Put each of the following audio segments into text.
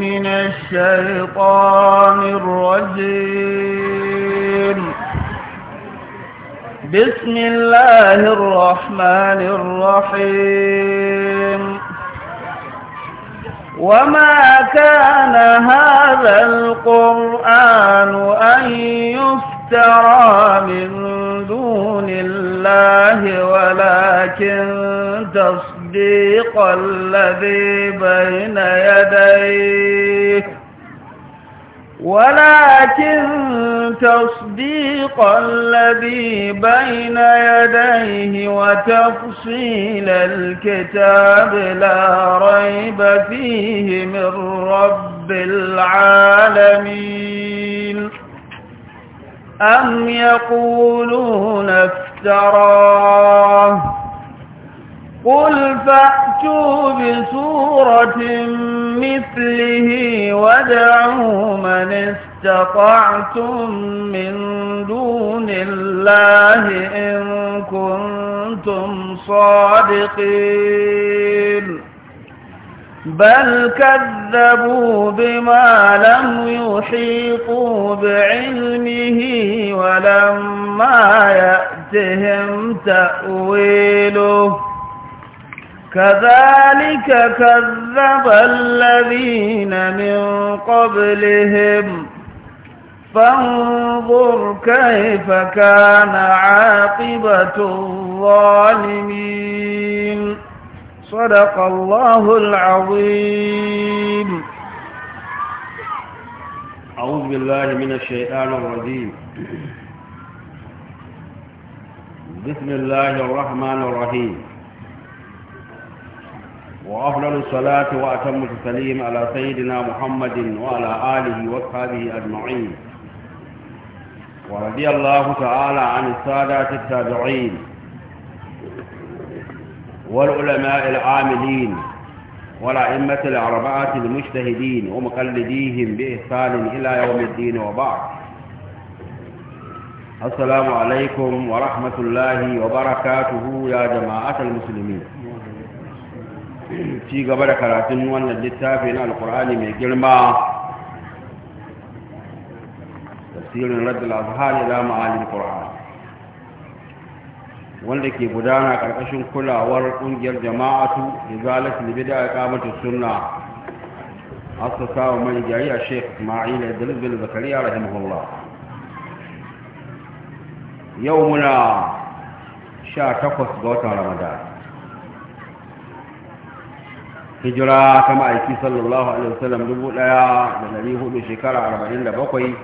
من الشيطان الرجيم بسم الله الرحمن الرحيم وما كان هذا القرآن أن يفترى من دون الله ولكن تصدق الصديق الذي بين يديك ولكن تصديق الذي بين يديه وتفصيل الكتاب لا ريب فيه من رب العالمين أم يقولون افتراه قل فأتوا بسورة مثله ودعوا من استطعتم من دون الله إن كنتم صادقين بل كذبوا بما لم يحيطوا بعلمه ولما يأتهم تأويله كذلك كذب الذين من قبلهم فانظر كيف كان عاقبة الظالمين صدق الله العظيم أعوذ بالله من الشيطان الرجيم بسم الله الرحمن الرحيم وأفضل الصلاة وأتم التسليم على سيدنا محمد وعلى آله وصحبه أجمعين ورضي الله تعالى عن السادة التابعين والعلماء العاملين والأئمة الأربعة المجتهدين ومقلديهم بإحسان إلى يوم الدين وبعد السلام عليكم ورحمة الله وبركاته يا جماعة المسلمين ci gaba da karatun wannan littafi na alkur'ani mai girma tasirin raddul azhar ila da qur'an wanda ke gudana karkashin kulawar kungiyar jama'atu izalatu bid'a iqamatu sunna assasa wa mai jari a Sheikh Ismail bin Zakariya rahimahullah yau muna 18 ga watan Ramadan hijira ta ma'aiki sallallahu alaihi wasallam dubu ɗaya da dari hudu shekara arba'in da bakwai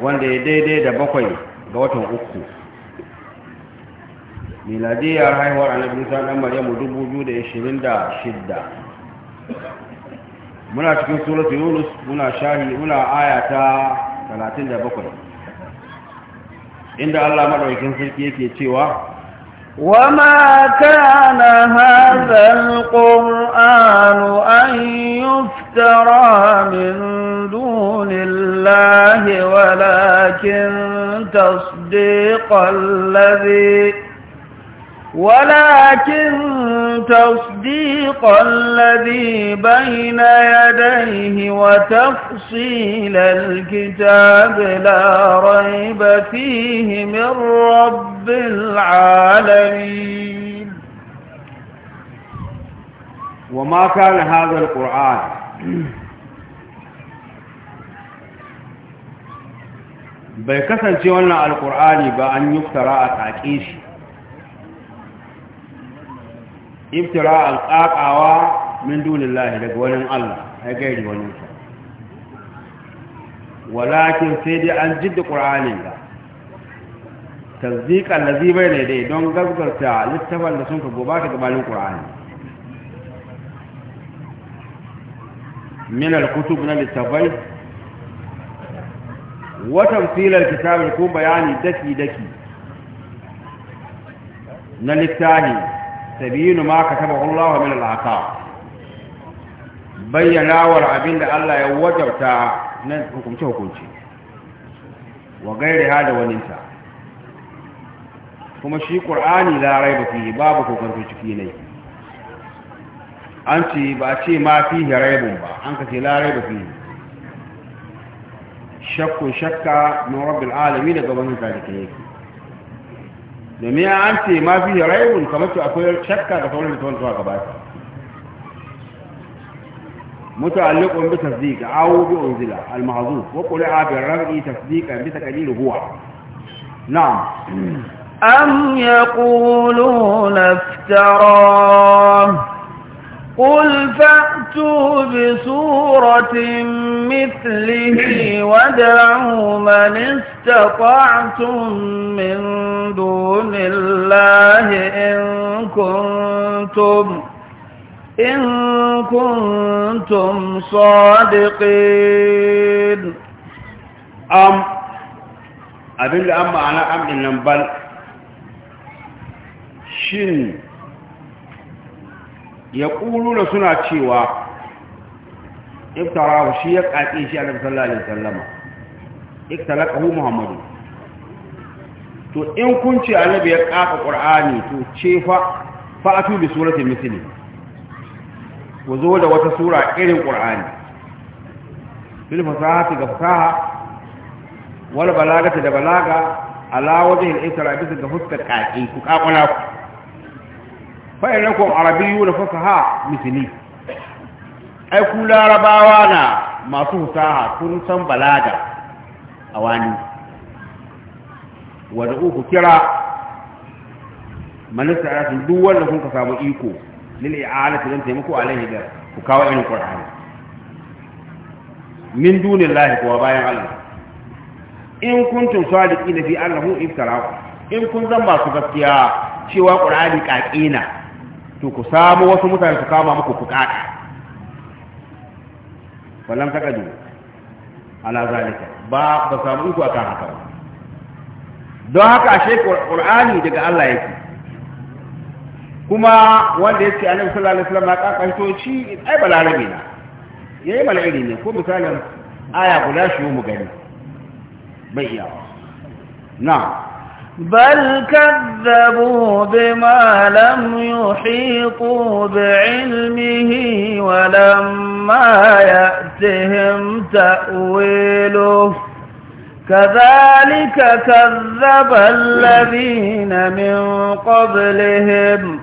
wanda ya daidai da bakwai ga watan uku miladiyar haihuwar annabi isa ɗan maryamu dubu biyu da ashirin da shida? muna cikin suratu yunus muna shahi muna aya ta talatin da bakwai inda allah maɗaukin sarki yake cewa وما كان هذا القرآن أن يفترى من دون الله ولكن تصديق الذي ولكن تصديق الذي بين يديه وتفصيل الكتاب لا ريب فيه من رب العالمين وما كان هذا القرآن بيكسن kasance القرآن بأن ba an iftira'an ƙaƙawa min dunin lahi daga wani Allah ya gairi wani sa walakin sai dai an jidda ƙura'anin ga tasdiƙan da zai bai daidai don gasgarta littafan da sun ka ta gabanin ƙur'ani. min al-kutub na littafai watan filar kitabin ko bayani daki-daki na littafi tabinu ma kataba Allah min al-ata bayyana war abinda Allah ya wajabta na hukunci hukunci wa gairi hada waninta kuma shi qur'ani la raiba fihi babu kokonto ciki ne an ce ba ce ma fihi raibun ba an kace la raiba fihi Shakkun shakka min rabbil alami daga wannan zalika yake domin an ce ma fi raibun kamar su akwai shakka da sauran littafin zuwa gabata متعلق بتصديق قل فأتوا بسورة مثله وادعوا من استطعتم من دون الله إن كنتم إن كنتم صادقين أم أبن أم أنا أم إن بل شن ya ƙuluna suna cewa iftarahu shi ya ƙaƙe shi annabi sallallahu alaihi wasallama iktalaqahu muhammadu to in kun ce annabi ya ƙaƙa qur'ani to ce fa fa'atu bi surati misli ku zo da wata sura irin qur'ani bil fasahati ga fasaha wal balagati da balaga ala wajhi al-ikra bisa ga fuska ƙaƙe ku ƙaƙona ku fa'in rakon arabiyu na fasaha misali ai ku larabawa na masu fasaha kun san balaga a wani wadda uku kira malista ya sun duk wanda kun ka samu iko lili ala ta don taimako a laihi da ku kawo irin ƙwararri min dunin lahi kuwa bayan allah in kuntum sadiki na fi allahu iftara in kun zan masu gaskiya cewa ƙwararri ƙaƙina to ku samu wasu mutane su kama muku ku kaka falan ta kadu ala zalika ba ba samu iko akan haka ba don haka ashe qur'ani daga Allah yake kuma wanda yake annabi sallallahu alaihi wasallam ya kakanto shi ai balarabe na yayi mala'iri ne ko misalin aya guda shi mu gani bai iya na بل كذبوا بما لم يحيطوا بعلمه ولما يأتهم تأويله كذلك كذب الذين من قبلهم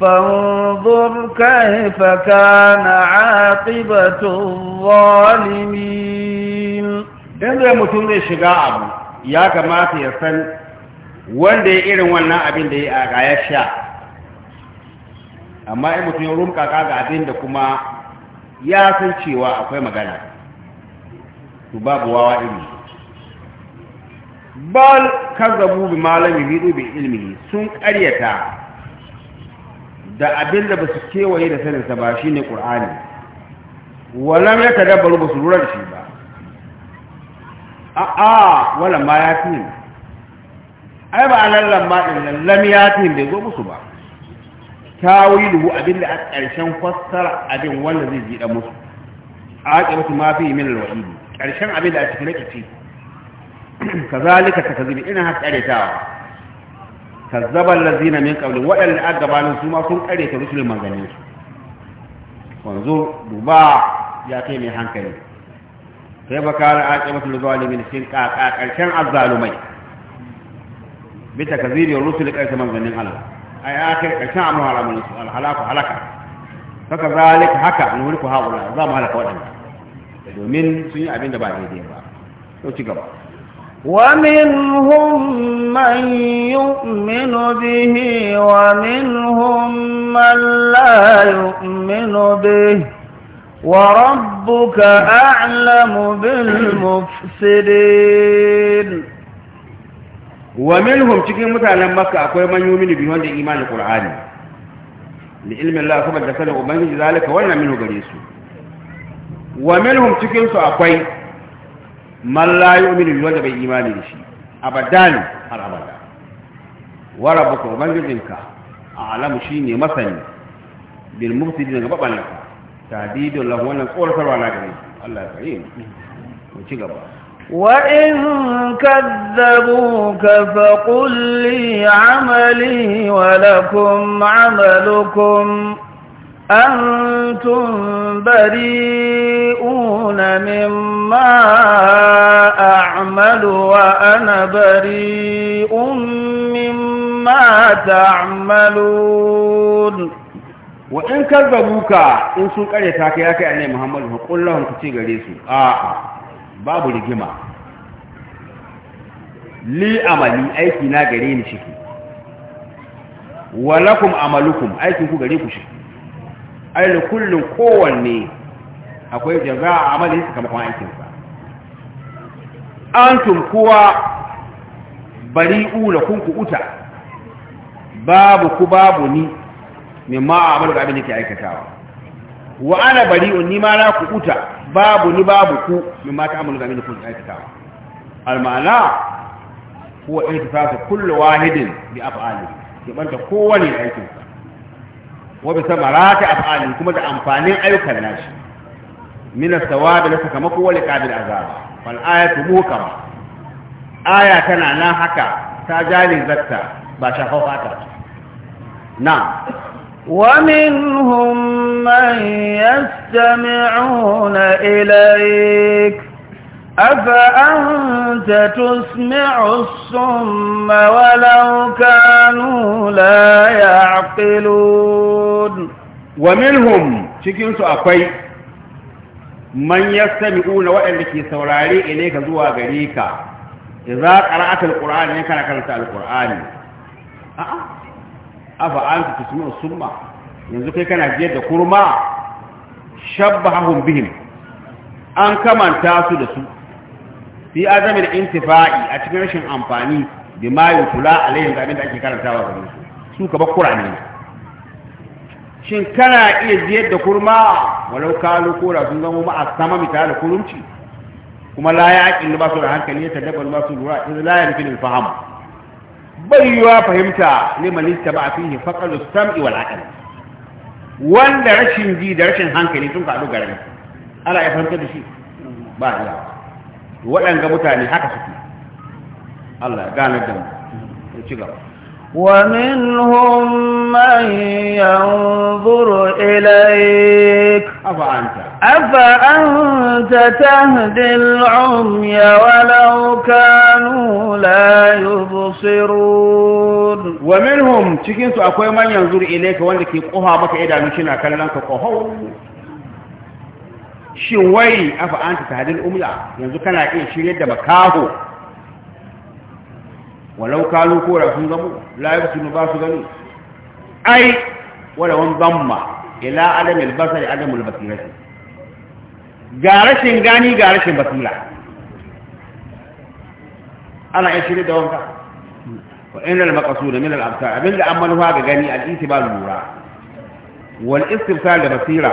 فانظر كيف كان عاقبة الظالمين إن متنزل شقاء يا كما تيسن wanda ya irin wannan abin da ya a ya sha amma in mutum ya rumka ga abin da kuma ya san cewa akwai magana to babu wawa iri bal kazzabu bi malami bi bi ilmi sun ƙaryata da abin da ba su kewaye da saninsa ba shine qur'ani walam ya tadabbaru ba su shi ba a'a wala ma ya fi ai ba nan lamma din nan lam yatin bai zo musu ba tawiluhu da a ƙarshen fassara abin wanda zai ji da musu aqibatu ma fi min alwa'idi ƙarshen abin da a cikin rikici kazalika takzibi ina har karetawa kazzaba allazina min ƙaunin waɗanda a gabanin su ma sun kareta rusul manzanni su Wanzu duba ya kai mai hankali sai bakara aqibatu alzalimin sun ƙaƙa ƙarshen azzalumai بتكذير الرسل كأيس منزلين على آيات كأيسان عمرها على من الحلاق وحلاك فكذلك حكا نهلك هؤلاء الظام هلك وجهنا من سنة أبين دبائي دين وتقبع ومنهم من يؤمن به ومنهم من لا يؤمن به وربك أعلم بالمفسدين wa minhum cikin mutanen makka akwai man bi wanda imanin qur'ani li ilmi Allah kuma da sanin ubangiji zalika wannan minhu gare su wa minhum cikin su akwai man la yu'minu bi wanda bai imani da shi abadan har abada wa rabbuka ubangijinka a'lamu shine masani bil mufsidin ga babalaka tadidu lahu wannan tsoratarwa na gare Allah ya kare mu ci gaba وإن كذبوك فقل لي عملي ولكم عملكم أنتم بريئون مما أعمل وأنا بريء مما تعملون وإن كذبوك إن سنك أجتاك يا كأني محمد فقل لهم كتير ليسوا آه babu rigima li amali aiki na gare ni shi walakum amalukum aikin ku gare ku shi ai da kullun kowanne akwai jaza'a amalin sa kamar aikin sa antum kuwa bari'u kun ku uta babu ku babu ni mimma amalu ga abin da ke aikatawa wa ana bari ni ma na ku uta babu ni babu ku min ma ta amalu game da kun aikatawa almana huwa ihtisasu kullu wahidin bi af'ali ke banta kowane aikin sa wa bi samarati af'ali kuma da amfanin ayyukan nashi min as-sawabi la sakamako wa liqabil azab fal ayatu muhkama aya tana nan haka ta jali zakka ba shafafa ta na'am ومنهم من يستمعون إليك أفأنت تسمع الصم ولو كانوا لا يعقلون ومنهم شكين سؤالي من يستمعون وإنك سوراري إليك زوا غريكا إذا قرأت القرآن إنك نكرت القرآن آه. afa an ta tusmi'u summa yanzu kai kana jiyar da kurma shabbahum bihim an kamanta su da su fi azamin intifa'i a cikin rashin amfani da ma yutula alaihim da abin da ake karantawa wa su su ka ba ne. shin kana iya jiyar da kurma walau kalu kora sun zama ma a sama mita da kurumci kuma la ya aqil ba su da hankali ya tadabbal ba su lura idan la yanfil fahamu baiwa fahimta ne ba liman istaba fihi faqalu sam'i wal aql wanda rashin ji da rashin hankali sun kaɗu garin ala ya fahimta da shi ba iya waɗanga mutane haka suke Allah ya gane da mu ci gaba wa ومنهم من ينظر إليك أفأنت أفأنت تهدي العمي ولو كانوا لا يبصرون ومنهم cikin akwai man yanzu ilaika wanda ke koha maka idanu shi na kallon ka shin wai afa anta tahdi al yanzu kana iya shiryar da makaho walau kalu ko rafin gamu la yabtu ba su gani ai wan ila ga rashin gani ga rashin basira ana yin shirya da wanka wa ina da makasu da milar amsa, abinda an manufa ga gani a isi ba lura wal istifsar da basira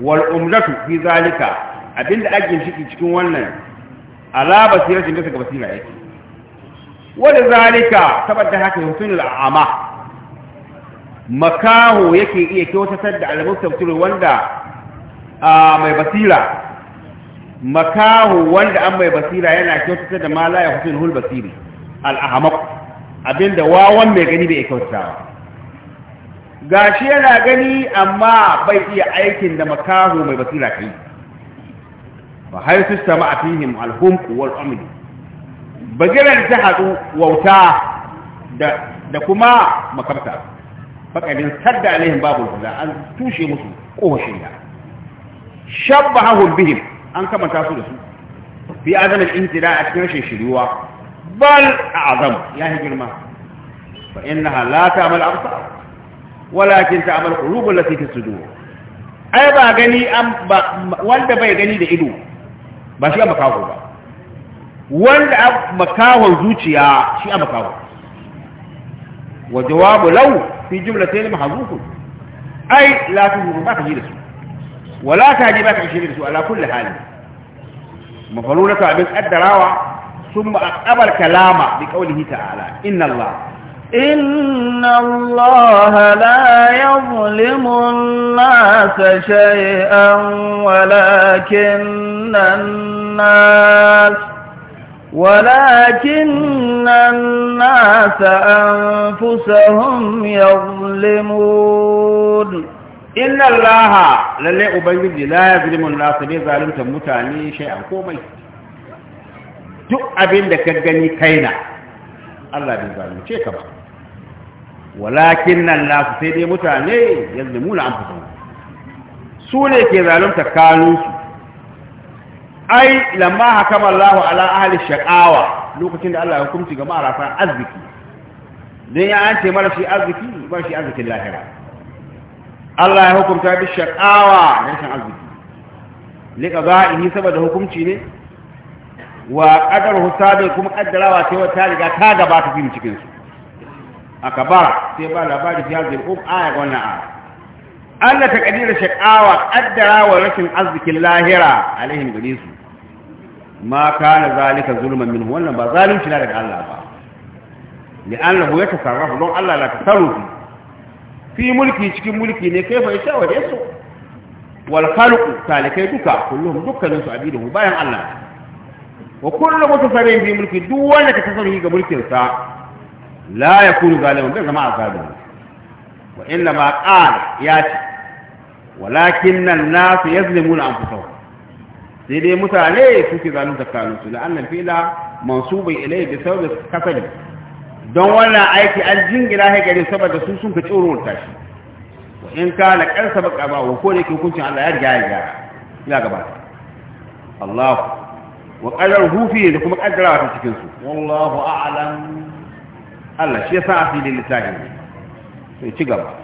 wal umlatu fi zalika abinda ake shiki cikin wannan ala basira shi bisa ga basira yake wani zalika saboda haka husnul al'ama makaho yake iya kyautatar da al-mustafsir wanda a mai basira makahu wanda an mai basira yana kyautata da ma la ya hutun hul basiri al-ahmaq abinda wawan mai gani bai ba gashi yana gani amma bai iya aikin da makahu mai basira kai fa haythu sama'a fihim al-humq wal amd bagiran ta hadu wauta da da kuma makarta faqadin sadda alaihim babu huda an tushe musu koshin da shabbahahum bihim an kama su da su fi azamil intida a cikin rashin shiriwa bal a a'zam ya yi girma fa innaha la ta'mal absar walakin ta'mal qulub allati fi sudur ai ba gani an ba wanda bai gani da ido ba shi a makaho ba wanda a makahon zuciya shi a makaho wa jawabu law fi jumlatayn mahzufun ai la tuhu ba ka ji da su ولا ta عشرين ba على كل حال su عبد الدراوة ثم أقبل كلامه بقوله تعالى إن الله إن الله لا يظلم الناس شيئا ولكن الناس ولكن الناس أنفسهم يظلمون inna allaha lalle ubangiji la zulmu nasu ne zalunta mutane shay'an komai duk abin da ka gani kaina Allah bai zalunce ka ba walakin nan nasu sai dai mutane na amfani. su ne ke zalunta kanunsu ai lamma hakama Allah ala ahli shaqawa lokacin da Allah ya hukunci ga marasa arziki dan ya an ce mara shi arziki ba shi arzikin lahira Allah ya hukunta bi shaqawa rashin arziki liqada'ihi saboda hukunci ne wa qadaruhu kuma kaddarawa sai wata riga ta gabata cikin cikin su akabara sai ba labari fi hadhihi al aya wannan aya Allah ta kadira shaqawa qaddarawa rashin arzikin lahira alaihim su. ma kana zalika zulman minhu wannan ba zalunci na daga Allah ba li'annahu yatasarrafu don Allah la tasarrufu fi mulki cikin mulki ne kai bai sha waje su wal khalqu talikai duka kullum dukkanin su mu bayan Allah wa kullu mutafarrin bi mulki duk wanda ka tasarrufi ga mulkin sa la yakunu zalimun bai zama azalim wa inna ma qala ya ci, walakin an-nas yazlimuna anfusahum sai dai mutane suke zalunta kanunsu la'anna fila mansubai ilayhi bi sababi kasali don wannan aiki an jingina ya gari saboda su sun ka tsoron tashi in ka na karsa baka ba ko da ke hukuncin Allah ya riga ya gyara ya gabata Allah wa qadar hufi da kuma kaddarawa ta cikin su wallahu a'lam Allah shi yasa a filin lissafi sai ci gaba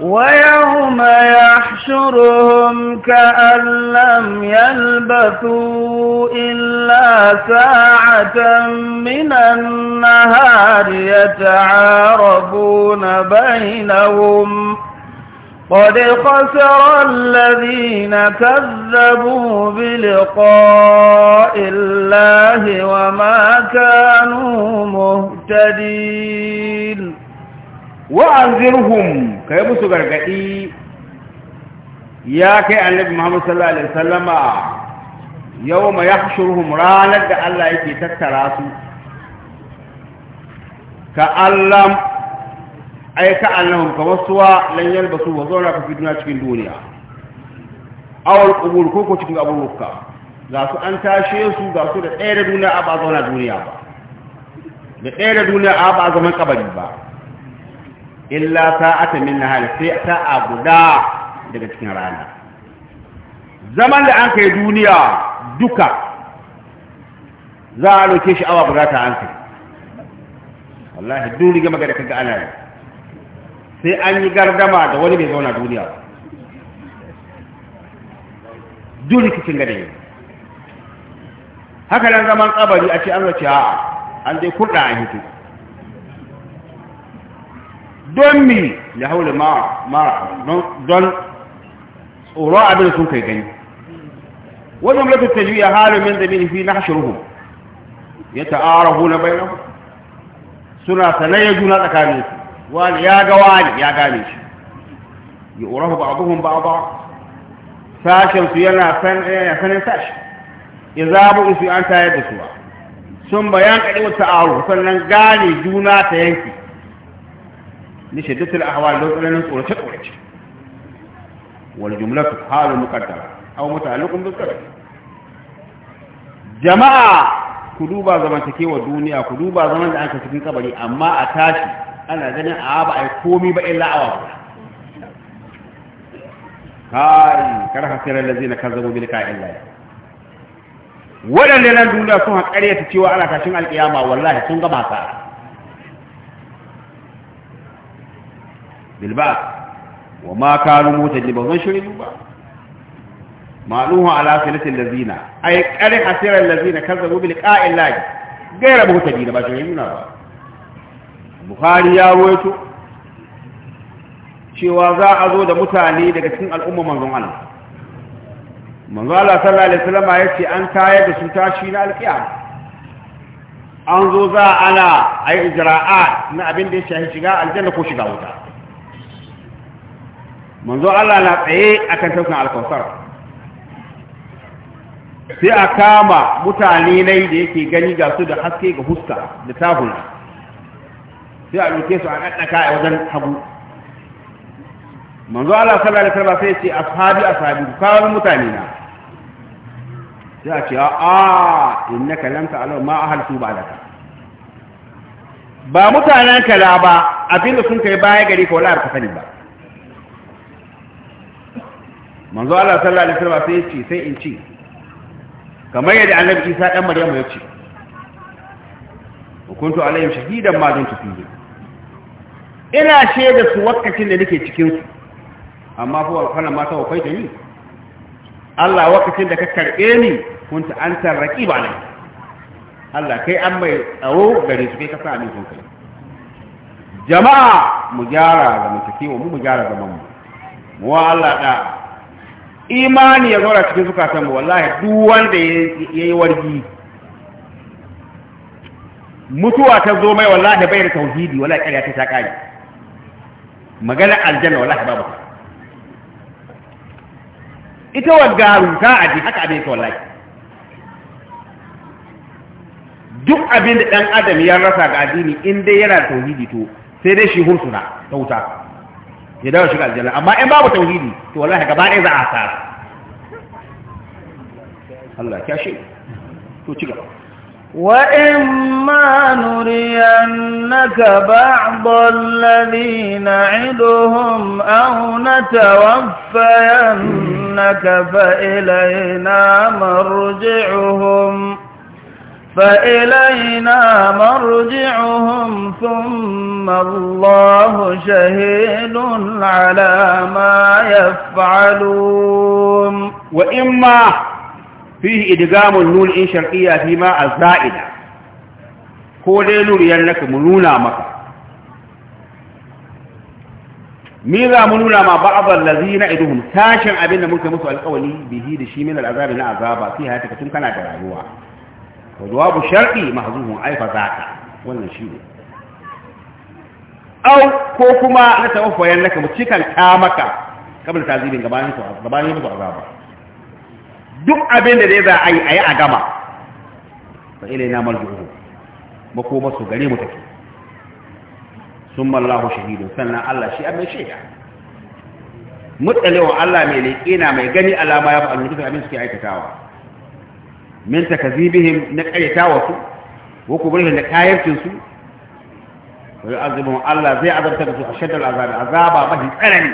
ويوم يحشرهم كأن لم يلبثوا إلا ساعة من النهار يتعارفون بينهم قد خسر الذين كذبوا بلقاء الله وما كانوا مهتدين wa'anzirhum kai musu gargadi ya kai annabi Muhammad sallallahu alaihi wasallama yawma yahshuruhum ranar da Allah yake tattara su ka allam ay ka annahum kawaswa lan yalbasu wa zawra ka fitna cikin duniya Awar qubul ko ko cikin abubuwa ga su an tashe su ga su da ɗaya da duniya a ba zauna duniya ba da ɗaya da duniya a ba zaman kabari ba illa sa'ata min nahar sai sa'a guda daga cikin rana zaman da an kai duniya duka za a roke shi awa guda ta an kai wallahi duk gama magana kaga ana yi sai an yi gardama da wani mai zauna duniya duk rikicin gada yi haka nan zaman tsabari a ce an roce a'a an dai kurɗa an hito don mi ya haula mara don tsoron abin da sun kai gani wajen mulkin tajiyya halin min zamini fi na hashiruhu ya ta'arahu na bayan suna sanayyar juna tsakanin su wani ya ga wani ya gane shi ya urahu ba abuhun ba ba sashen su yana sanin sashi izabu isu an tayar da suwa sun bayan kaɗi wata aro sannan gane juna ta yanki ni shiddatul ahwal don tsananin tsorace tsorace wal jumlatu halu muqaddara aw muta'alliqun bi qadar jama'a ku duba zamantakewar duniya ku duba zaman da aka cikin kabari amma a tashi ana ganin a ba ai komai ba illa awa guda kai kar hasirar lazina kazzabu bil ka'illahi waɗanda na duniya sun haƙariya ta cewa ana tashin alƙiyama wallahi sun gama sa bilba wa ma kanu mutaji ba zan shirin ba ma'luhu ala silatil lazina a ay qad hasira allazina kazzabu bil qa'il lahi gaira mutaji ba shirin ba bukhari ya rawaito cewa za a zo da mutane daga cikin al'umma manzon Allah manzo Allah sallallahu alaihi wasallam yace an tayar da su tashi na alƙiya. an zo za ana yi ijra'a na abin da ya shahi shiga aljanna ko shiga wuta manzo Allah na tsaye akan tafkin alkawsar sai a kama mutane nai da yake gani ga su da haske ga huska da tahuna sai a ɗauke su a ɗaɗɗaka a wajen hagu manzo Allah sallallahu alaihi wasallam sai ce ashabi ashabi kawo mutane na sai a ce a innaka lam ta'lamu ma ahaltu ba'daka ba mutanen kala ba abinda sun kai baya gari ko la'ar ka sani ba manzo Allah sallallahu alaihi wasallam sai yace sai in ci, kamar yadda annabi Isa dan Maryam ya ce kuntu alaihim shahidan ma dun fihi ina shaida su wakacin da nake cikin su amma fa ma mata wa faita ni Allah wakacin da ka karbe ni kunta antar raqiba ne Allah kai an mai tsaro gare su kai ka sa amin sun kai jama'a mu gyara zamantakewa mu mu gyara zaman mu mu wa Allah da imani ya zaura cikin zukatan mu wallahi duk wanda yayi wargi mutuwa ta zo mai wallahi bai da tauhidi wallahi kariya ta ta kare magana aljanna wallahi babu ita wadda ta a ji haka abin ta wallahi duk abin da dan adam ya rasa ga addini in dai yana da tauhidi to sai dai shi hursuna ta wuta ya dawo shiga aljanna amma in babu tauhidi to wallahi gaba ɗaya za a asara Allah ya shi to ci gaba وإما نرينك بعض الذي نعدهم أو نتوفينك فإلينا مرجعهم فإلينا مرجعهم ثم الله شهيد على ما يفعلون وإما فيه إدغام النون إن شرقية فيما الزائدة كودي نريان لك منونا مكة ميزا منونا ما بعض الذين إدهم ساشا أبين ملك مسؤال القولي به دشي من العذاب لا عذابا فيها تكتم كان عدرانوها wa jawabu shar'i mahzuhun ai fa zaka wannan shi ne au ko kuma na tawaffayan laka mu cikan ka maka kamar tazibin gabanin ku gabanin ku duk abin da za a yi a yi a gama fa ilaina marji'uhu makoma su gare mu take summa Allahu shahidun sannan Allah shi amma shaida mutsalewa Allah mai leƙina mai gani alama ya fa'alu duka abin suke aikatawa من تكذيبهم نكايتا وسو وكبرهم نكايتين سو ويعذبهم الله زي عذاب تكسو أشد العذاب عذاب به ألمي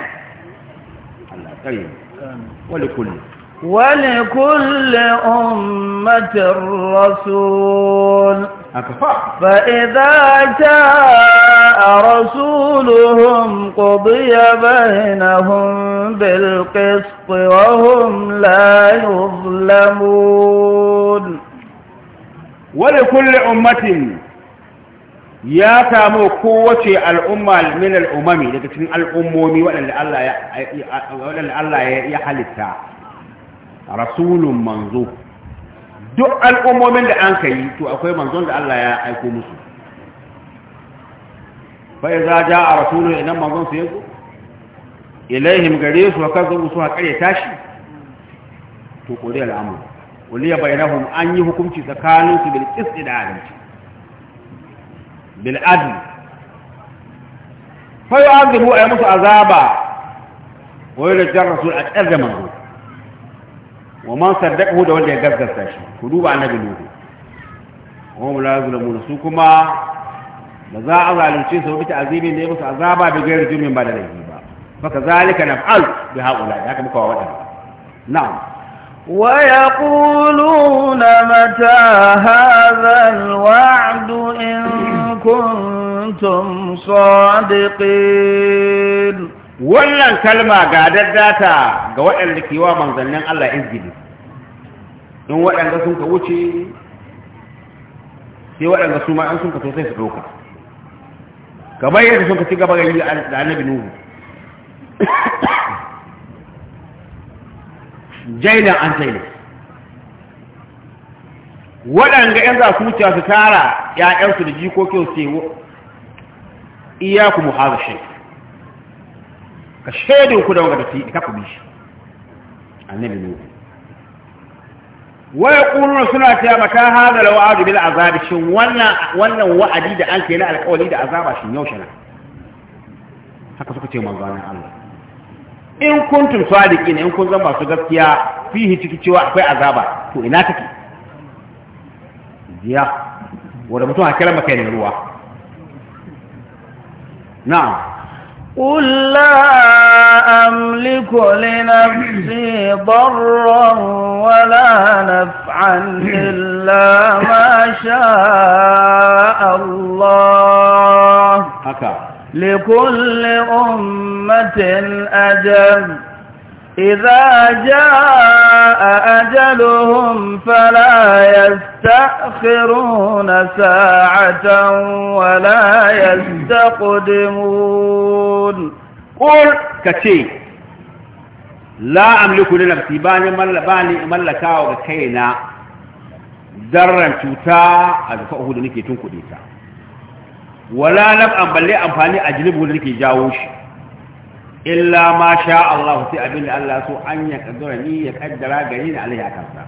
الله كريم طيب. ولكل ولكل أمة رسول فإذا جاء رسولهم قضي بينهم بالقسط وهم لا يظلمون wani kulle ummatin ya samu kowace al'umma min al'umami daga cikin al'ummomi waɗanda Allah ya halitta rasulun manzo duk al'ummomin da an ka to akwai manzon da Allah ya aiko musu fa'i za ja a rasulun idan manzon su yanzu ilaihim gare su a kan su a ƙarya tashi to ƙuri al'amuru uliya bainahum an yi hukunci tsakanin su bil qisti da adalci bil adl fa yu'adhibu ay musu azaba wa yurjar rasul a tsarda manzo wa man saddaqahu da wanda ya gaskata shi ku duba annabi nuhu wa hum la yuzlamuna su kuma ba za a zalunce su bi ta'azimin da ya musu azaba da gairar jumin ba da laifi ba fa kazalika naf'al bi haula haka muka wa wadannan na'am ويقولون متى هذا الوعد إن كنتم صادقين wannan kalma ga daddata ga waɗanda ke wa manzannin Allah izgili in waɗanda sun ka wuce sai waɗanda su ma'an sun ka sosai su ɗauka kamar yadda sun ka ci gaba ga yi da annabi nuhu jailan an jailan waɗanda ‘yan za su wuce su tara ‘ya'yansu da jikokin su iya ku muhazar shi ka shaidin ku da wanga da fi ka kubi shi annabi ne wai ƙununan suna ta yaba ta hazara wa'adu bil azabi shin wannan wa'adi da an kai na alƙawari da azaba shin yaushe na haka suka ce manzo Allah in kuntum sadiqina in kun zama masu gaskiya fihi ciki cewa akwai azaba to ina take ya wanda mutum kira maka ne ruwa na'am قل لا أملك لنفسي ضرا ولا نفعا إلا ما شاء الله هكذا لكل أمة أجل إذا جاء أجلهم فلا يستأخرون ساعة ولا يستقدمون قل كتي لا أملك لنفسي باني ملباني ملكا وكينا درا توتا أدفعه لنكي تنكو ديتا wala na balle amfani a jilibu da ke jawo shi illa ma sha Allah sai abin da Allah so an ya kaddara ni ya kaddara gare Allah ya akansa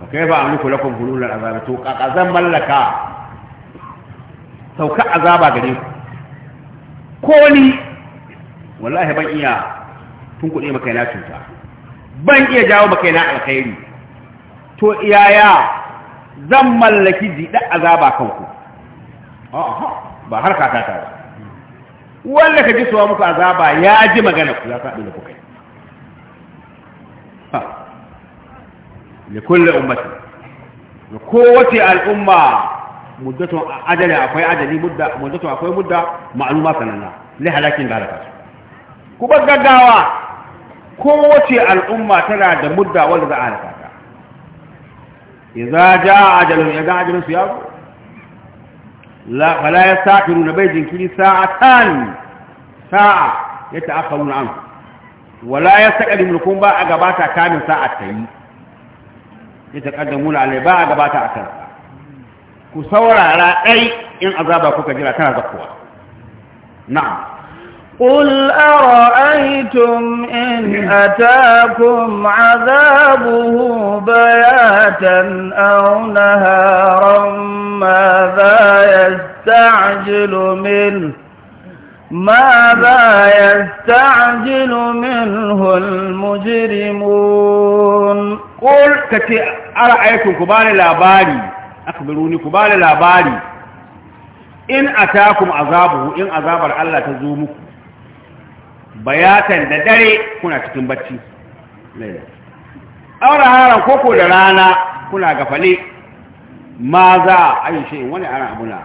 fa ba amliku lakum hulul azab to kakazan mallaka sauka azaba gare ku ko ni wallahi ban iya tun kuɗe maka yana cuta ban iya jawo maka yana alkhairi to iyaya zan mallaki jiɗa azaba kanku ba har ka ta ba wanda ka ji suwa muku azaba ya ji magana ku ya faɗi da kuka yi da kulle ummati da kowace al'umma muddatun ajali akwai ajali muddatun akwai mudda ma'aluma sananna ne halakin da halaka ku ba gaggawa kowace al'umma tana da mudda wanda za a halaka ta idza jaa ajalun idan ajalun su ya zo ya wala yastaqiruna bai jinkiri sa'atan sa'a ya yata'akhiruna an wala ya yastaqdimu kun ba a gabata kamin sa'a tayi yataqaddamuna alai ba a gabata a akan ku saurara dai in azaba kuka jira tana zakkuwa na'am قل أرأيتم إن أتاكم عذابه بياتا أو نهارا ماذا يستعجل منه ماذا يستعجل منه المجرمون قل كتي أرأيتم كبار لاباري أخبروني كبار لاباري إن أتاكم عذابه إن عذاب الله تزومكم bayatan da dare kuna cikin bacci aure haram koko da rana kuna gafale ma za a yi shi wani ana abuna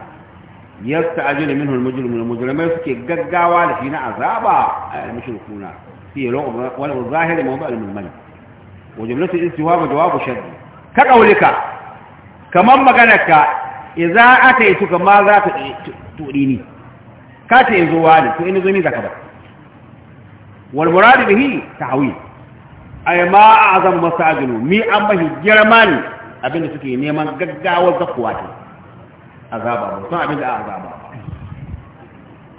yasta da min hulmujirmul mujirmai suke gaggawa da shi na azaba a almishin kuna fi yalo wani zahiri ma ba almulmani wajen nasu istiwa ba jawabu shaddi ka kaulika kamar ka iza aka yi suka ma za ta tuɗi ni ka ce zuwa wani to ina zo ni zaka ba والمراد به تعويل أي ما أعظم مساجنه مي أمه جرمان أبين سكي نيمان قدع عذاب ابو صعب العذاب أعذابا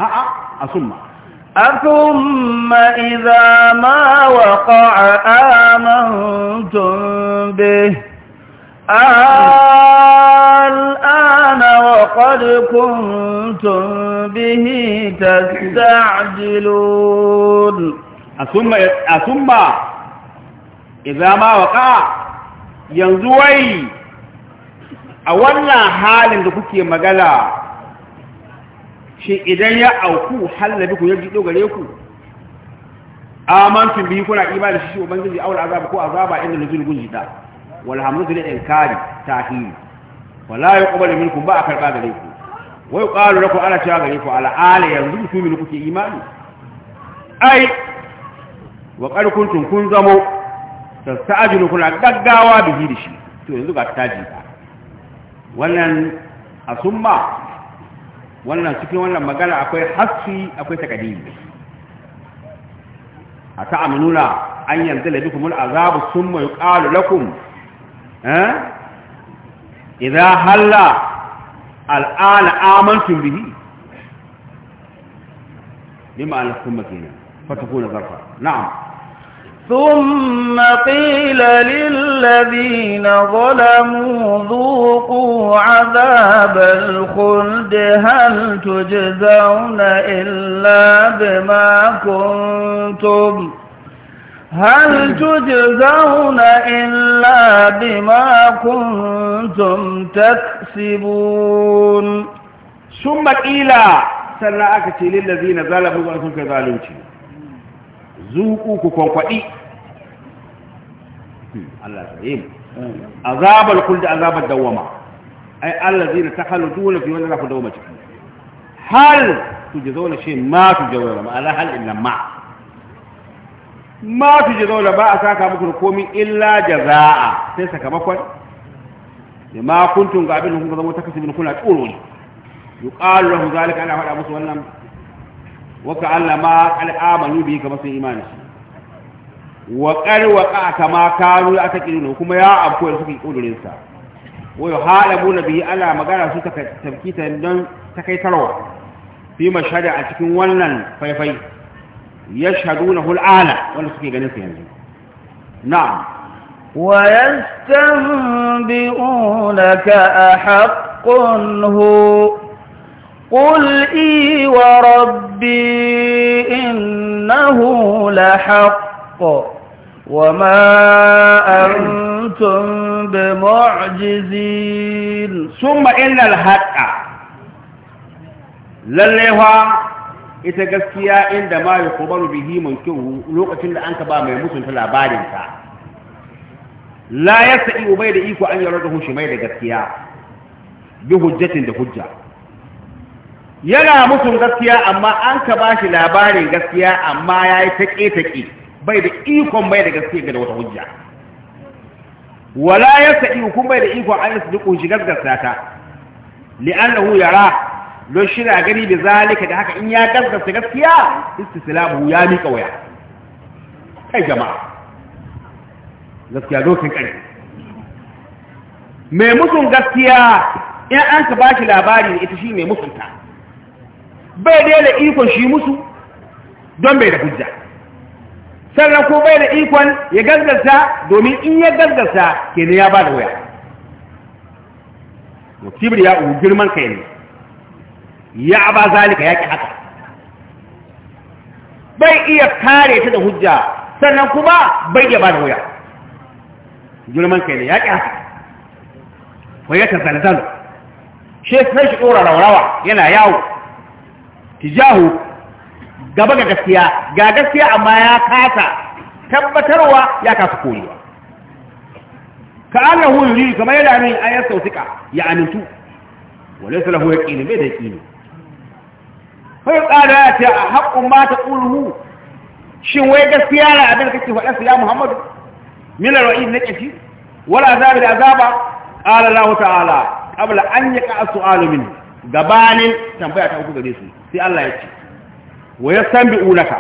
أأ ثم ثم إذا ما وقع آمنتم به آه، الآن وقد كنتم به تستعجلون ثم ثم إذا ما وقع ينزوي أولا حال دكوكي ya شيء إذا يا أوكو حل بكم يجي دوغريكو amantum da kuna imani shi ubangiji aul azab ko azaba inda nuzul gunjida wal hamdu lil inkari tahir wala yuqbalu minkum ba karba gare ku wai ƙwaro da ku ana cewa gare ku al'ala yanzu su mini kuke imani ai wa ƙarkuntun kun zamo ta sa'ajinu kuna gaggawa da hiri shi to yanzu ga taji ba wannan a asumma wannan cikin wannan magana akwai haski akwai takadimi a aminuna an yanzu da bikumul azabu summa yuqalu lakum eh halla الآن آمنتم به لما ألقتم كينا فتكون ظرفا نعم ثم قيل للذين ظلموا ذوقوا عذاب الخلد هل تجزون إلا بما كنتم هل تجزون إلا بما كنتم تكسبون ثم قيل سنة أكتي للذين ظلموا وأنتم كذلك ذوقوا كونقدي الله يسلم عذاب الخلد عذاب الدوامة أي الذين تخلدون في ولا دوامة هل تجزون شيء ما تجزون ما هل إلا ما ma su ji zaune ba a saka muku da komin illa jaza'a sai sakamakon da ma kuntun ga abin da kuka zama takasibin kuna tsoro ne yuqalu lahum zalika ana faɗa musu wannan wa Allah ma qad amanu bi kama sun imani wa qad waqa kama kanu ataqilun kuma ya abko da suke kudurin sa wa yuhalabuna bihi ala magana su ta tafkita don takaitarwa fi mashhada a cikin wannan faifai يشهدونه الآلة ولا سكي يعني. نعم ويستنبئونك أحق هو قل إي وربي إنه لحق وما أنتم بمعجزين ثم إن الحق للهوى ita gaskiya inda ma ya kubaru bihi munkiru lokacin da an ka ba mai mutunta labarin ta la yasai ubai da iko an yarda hu mai da gaskiya bi hujjatin da hujja yana musun gaskiya amma an ka ba shi labarin gaskiya amma ya yi taƙe taƙe bai da ikon bai da gaskiya ga wata hujja wala yasai kun bai da iko an yasduqu shi ta li'annahu yara don shi na gani da zalika da haka in ya gaskata gaskiya istislamu ya mika waya kai jama'a gaskiya dokin kare mai musun gaskiya in an ka bashi labari ita shi mai musunta bai daina ikon shi musu don bai da hujja sannan ko bai da ikon ya gaskata domin in ya gaskata kenan ya ba da waya musibir ya girman kai ne ya ba zalika ya ki haka bai iya kare ta da hujja sannan kuma bai iya ba da wuya girman kai ne ya ki haka ko ya tazalzalu shi sai shi dora raurawa yana yawo tijahu gaba ga gaskiya ga gaskiya amma ya kasa tabbatarwa ya kasa koyewa ka annahu yuridu kamar yadda ne ayat sautika ya amintu walaysa lahu yaqin bai da kini sai tsada ya ce a haƙƙun ba ta ƙulhu shin wai gaskiya na abin da kake faɗa su ya muhammadu milar wa'i na ƙashi wala azabi da azaba ƙala allah ta'ala qabla an yaqa su a'lumin, gabanin tambaya ta uku gare su sai allah ya ce wa ya san yastanbi'unaka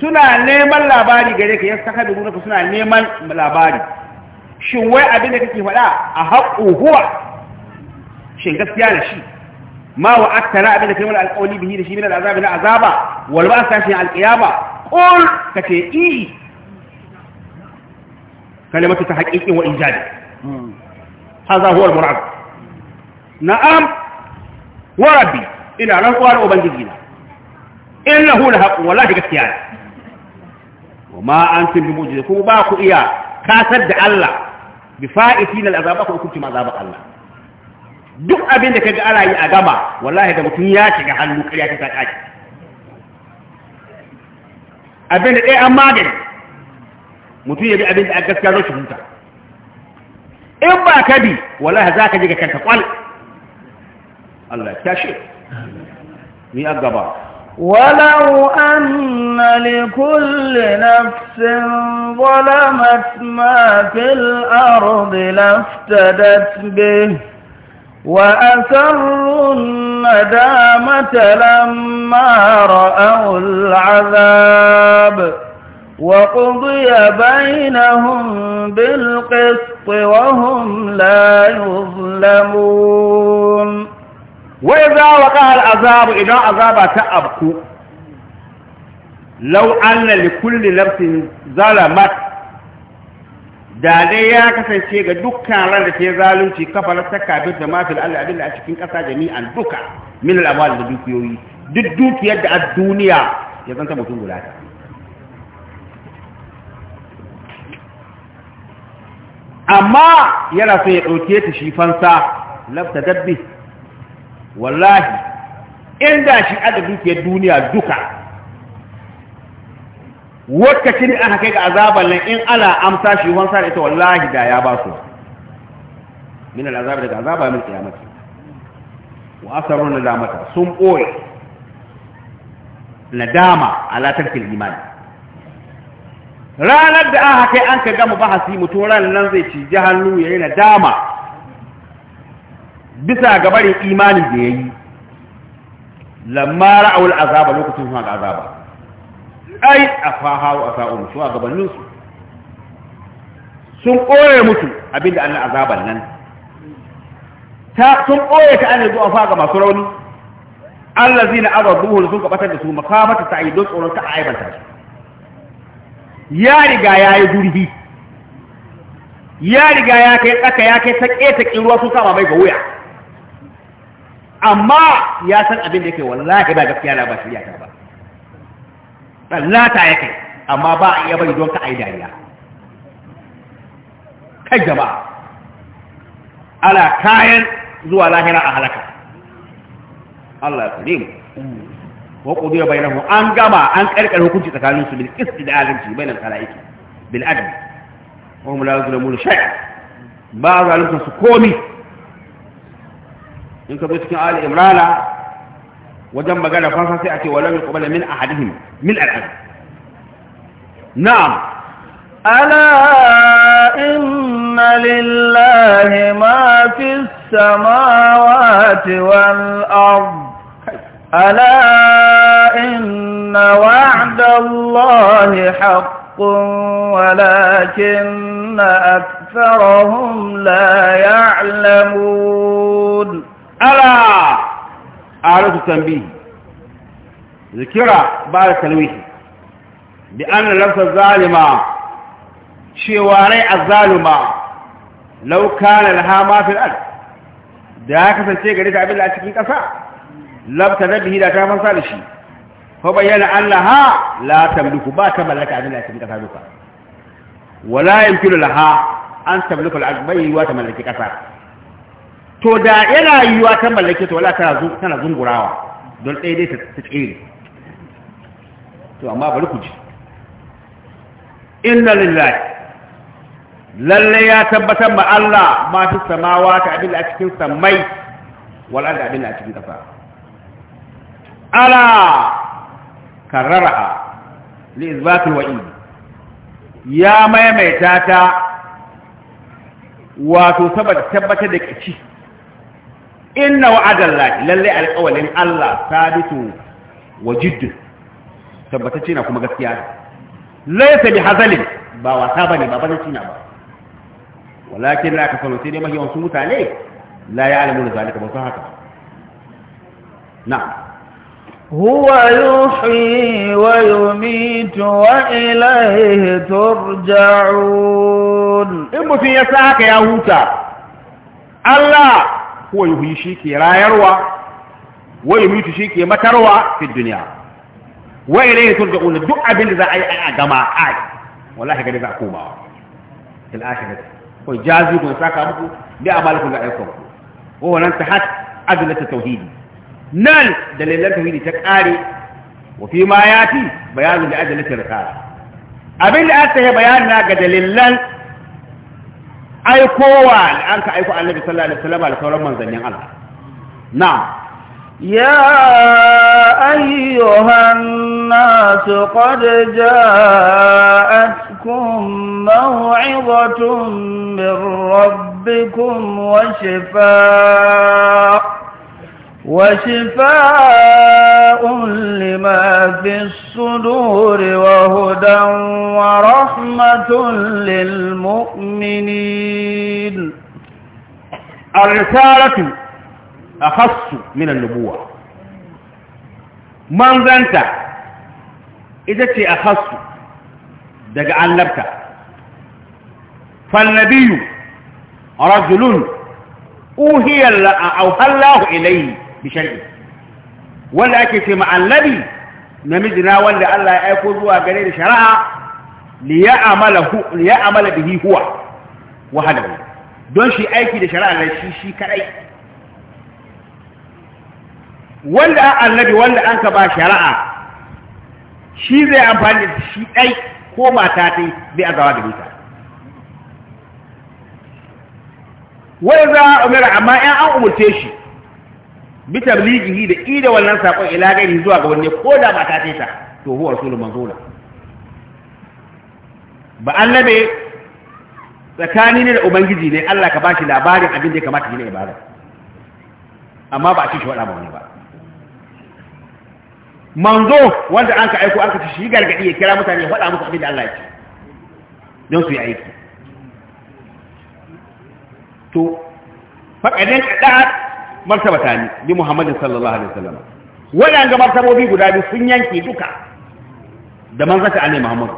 suna neman labari gare ka yastanbi'unaka suna neman labari shin wai abin da kake faɗa a haƙƙun huwa shin gaskiya na shi ما وعدتنا أبدا كلمة القول به لشي من العذاب لا عذابا والبأس تاشي على القيامة قل كتئي كلمة تحقيق وإيجاد هذا هو المرعب نعم وربي إلى رنقوان وبنجينا إنه لحق والله كتيان وما أنتم بموجزكم باكو إياه كاسد الله بفائتين العذاب أكو كنتم عذاب الله duk abin da kaga ana yi a gama wallahi da mutum ya shiga hannu ƙarya ta saka shi abin da ɗaya an magani mutum ya bi abin da a gaskiya zo shi huta in ba ka bi wallahi za ka ji ga kanka kwal Allah ya shi ni a gaba ولو أن لكل نفس ظلمت ما في الأرض لافتدت به وأسروا الندامة لما رأوا العذاب وقضي بينهم بالقسط وهم لا يظلمون وإذا وقع العذاب إذا عذاب تأبكو لو أن لكل نفس ظلمت da dai ya kasance ga dukkan ran da ke zalunci kafalar ta kafin da mafil Allah abinda a cikin ƙasa jami'an duka min al'amal da dukiyoyi duk dukiyar da a duniya ya zanta mutum guda ta amma yana so ya ɗauke ta shi fansa lafta dabbi wallahi inda shi adadin dukiyar duniya duka wacce ne aka kai ga azaban nan in ala amsa shi wansa da ita wallahi da ya ba su min azabar daga azaba min kiyamati wa asarun nadamata sun na dama a tarkil imani. ranar da aka kai an ka gama bahasi mutum ran nan zai ci yi na nadama bisa ga barin imanin da ya yi, lamma ra'awul azaba lokacin suna ga azaba ai a fahawo a asa'un su a gabaninsu sun koye mutu abinda an azaban nan ta sun koye ta an zuwa fa ga masu rauni allazina azabuhu sun gabatar da su makamata ta yi don tsoron ta aibanta su ya riga ya yi zurfi ya riga ya kai tsaka ya kai sake ta ruwa sun sama mai ga wuya amma ya san abin da yake wallahi ba gaskiya na ba shirya ta ba tsallata ya kai amma ba a iya bari don ka a yi dariya kai jama'a ala kayan zuwa lahira a halaka Allah ya kare mu wa qudiya bainahum an gama an karkar hukunci tsakanin su bil qist da alanci bainal khalaiki bil adl wa hum da yuzlamun shay'a ba zalunta su komi in ka bi cikin ali imrana وجنب قال فرنسا سيأتي ولم يقبل من أحدهم من العدد نعم ألا إن لله ما في السماوات والأرض ألا إن وعد الله حق ولكن أكثرهم لا يعلمون ألا آلة تنبيه ذكرى بعد تلويه بأن لفظ الظالمة شوارع الظالمة لو كان لها ما في الأرض da ya kasance gare ta abin da a cikin ƙasa labta na ta fansa da shi ko bayyana Allah la tamliku ba ta mallaka abin da a cikin wala laha an ta mallaki ƙasa to da yana yiwuwa ta mallake ta wala tana zungurawa don ɗaya dai ta tsere to amma bari ku ji inna lillahi lalle ya tabbatar ma Allah ma fi samawa ta abin da a cikin samai wala da abin da a cikin ƙasa ala karara li izbatul wa'id ya maimaita ta wato saboda tabbatar da kici inna wa'adallahi lalle alƙawalin Allah sabitu wa jidd tabbatacce na kuma gaskiya laysa bi hazalin ba wasa bane ba bane cina ba walakin la kafaru sai dai mahiyan su mutane la ya'lamu zalika ba su haka na'am هو يحيي ويميت وإليه ترجعون إن في يساك يا هوتا الله huwa yuhyi shi ke rayarwa wa yumitu shi ke matarwa fi duniya wa ilayhi turja'un duk abin da za a yi a gama ai Wala shi gari za a koma fil akhirati ko jazi ko saka muku bi a amalikum da aikon ku wa wannan tahat ta tauhidi nan dalilan tauhidi ta kare wa fi ma yati bayanu da adlatu risala abin da aka yi bayanin na ga dalilan aikowa da an ka aiko annabi sallallahu alaihi wasallam da sauran manzannin Allah na'am يا أيها الناس قد جاءتكم موعظة من ربكم وشفاء وشفاء لما في الصدور وهدى ورحمة للمؤمنين الرسالة أخص من النبوة من ذنت إذا تي أخص دقع النبتة فالنبي رجل أوهي أوهى الله إليه bishari wanda ake ce ma'annabi namiji na wanda Allah ya aiko zuwa gare da shari'a liya amala bihi huwa wahdahu don shi aiki da shari'a ne shi shi kadai wanda annabi wanda an ka ba shari'a shi zai amfani da shi dai ko mata ta a azawa da ta wai za umara amma in an umurce shi bi tablighihi da ida wannan sakon ila gari zuwa ga wanne ko da ba ta ce ta to huwa rasul manzula ba annabe tsakani ne da ubangiji ne Allah ka bashi labarin abin da ya kamata yi ibada amma ba a ci shi wada ba wani ba manzo wanda an ka aiko an ka ci shi gargadi ya kira mutane ya faɗa musu abin da Allah ya ce don su yi aiki to faƙadin kaɗa martabata ne bi Muhammadin sallallahu alaihi wasallam ga martabobi guda biyu sun yanke duka da ta annabi Muhammadu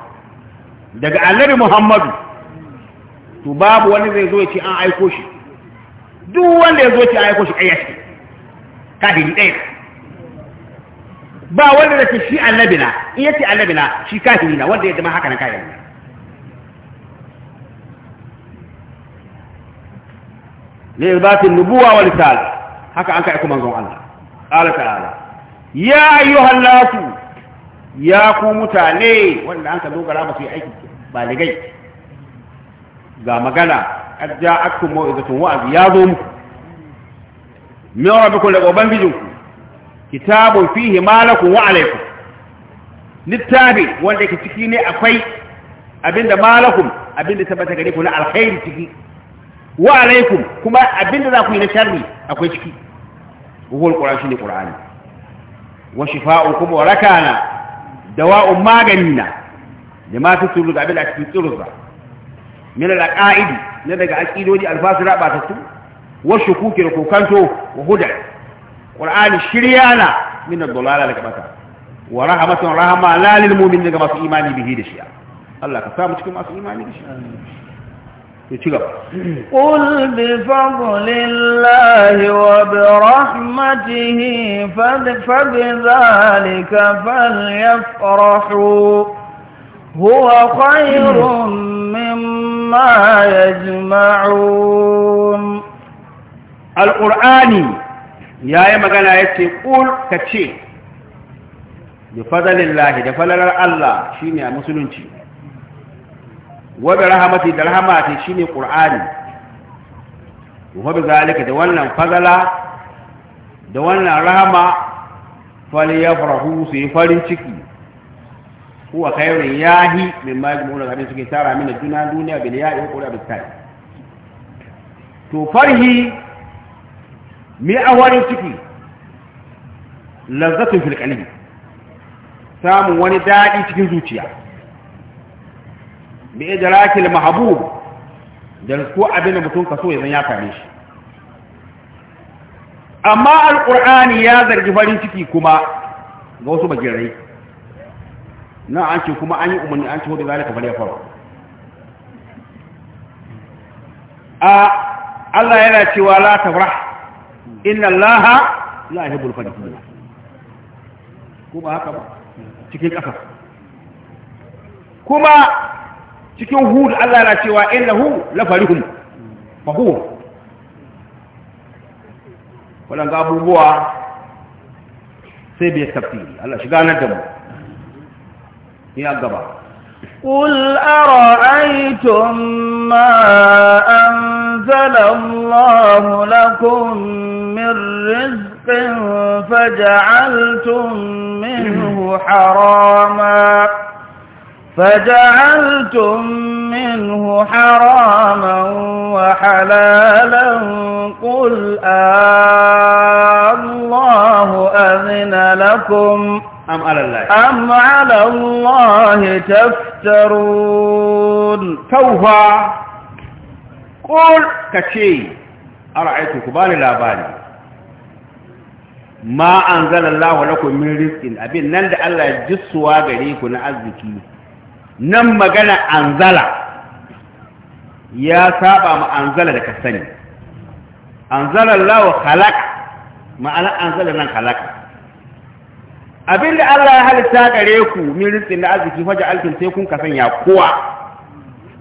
daga annabi Muhammadu to babu wani zai zo ya ce an aiko shi duk wanda ya zo ce an aiko shi ƙarya shi ni ɗaya ba wanda da shi annabi na in yace annabi na shi kafiri na wanda ya zama haka na kafiri ne nubuwa النبوة والرسالة haka an ka kuma manzon Allah qala ta'ala ya ayyuhan nasu ya ku mutane wanda an ka dogara ba su yi aiki baligai ga magana qad ja'akum mau'izatun wa'az ya zo muku min rabbikum daga ubangijinku kitabun fihi malakum wa alaikum littafi wanda ke ciki ne akwai abinda malakum abinda tabbata gare ku na alkhairi ciki wa alaikum kuma abinda za ku yi na sharri akwai ciki ruhul qur'an shine qur'ani wa shifa'un kuma warakana dawa'un maganina lima fi suru da bila cikin tsurza min al-aqaidi na daga aqidodi alfasira ba ta su wa shukuki da kokanto wa huda qur'ani shiryana min ad-dalala daga bata wa rahmatun rahama lalil mu'min daga masu imani bihi da shi Allah ka samu cikin masu da shi قل بفضل الله وبرحمته فبذلك فليفرحوا هو خير مما يجمعون القرآن يا مغانا يتي قل كتشي بفضل الله بفضل الله شيني المسلمين wa bi da rahmati shine qur'ani wa bi zalika da wannan fadala da wannan rahama falyafrahu su yi farin ciki huwa khairun yahi mai mimma yajmu'una gadin suke tara min duna duniya bil ya'i wa bil ta'i to farhi mi awarin ciki lazzatu fil qalbi samun wani daɗi cikin zuciya bi idrakil mahbub dan ko abin da mutum kaso yanzu ya kame shi amma alqur'ani ya zargi farin ciki kuma ga wasu bagirai na an ce kuma an yi umarni an ce hudu zalika ya faru a Allah yana cewa la tafrah inna Allah la yuhibbul farihin kuma haka ba cikin kafa kuma cikin hud Allah na cewa innahu la farihun fa huwa ga abubuwa sai bai tafsiri Allah shiga nan da mu ya gaba قل أرأيتم ما أنزل الله لكم من رزق فجعلتم منه حراما فجعلتم منه حراما وحلالا قل الله أذن لكم أم على الله أم على الله تفترون توفى قل كشي أرأيت كبالي لا بالي ما أنزل الله لكم من رزق أبين نند الله جسوا غريك أزكي nan magana anzala ya saba ma anzala da sani anzala Allah khalaqa ma'ana anzala nan khalaq abinda Allah ya halitta gare ku min rizqin da arziki faja alkin sai kun ka sanya kowa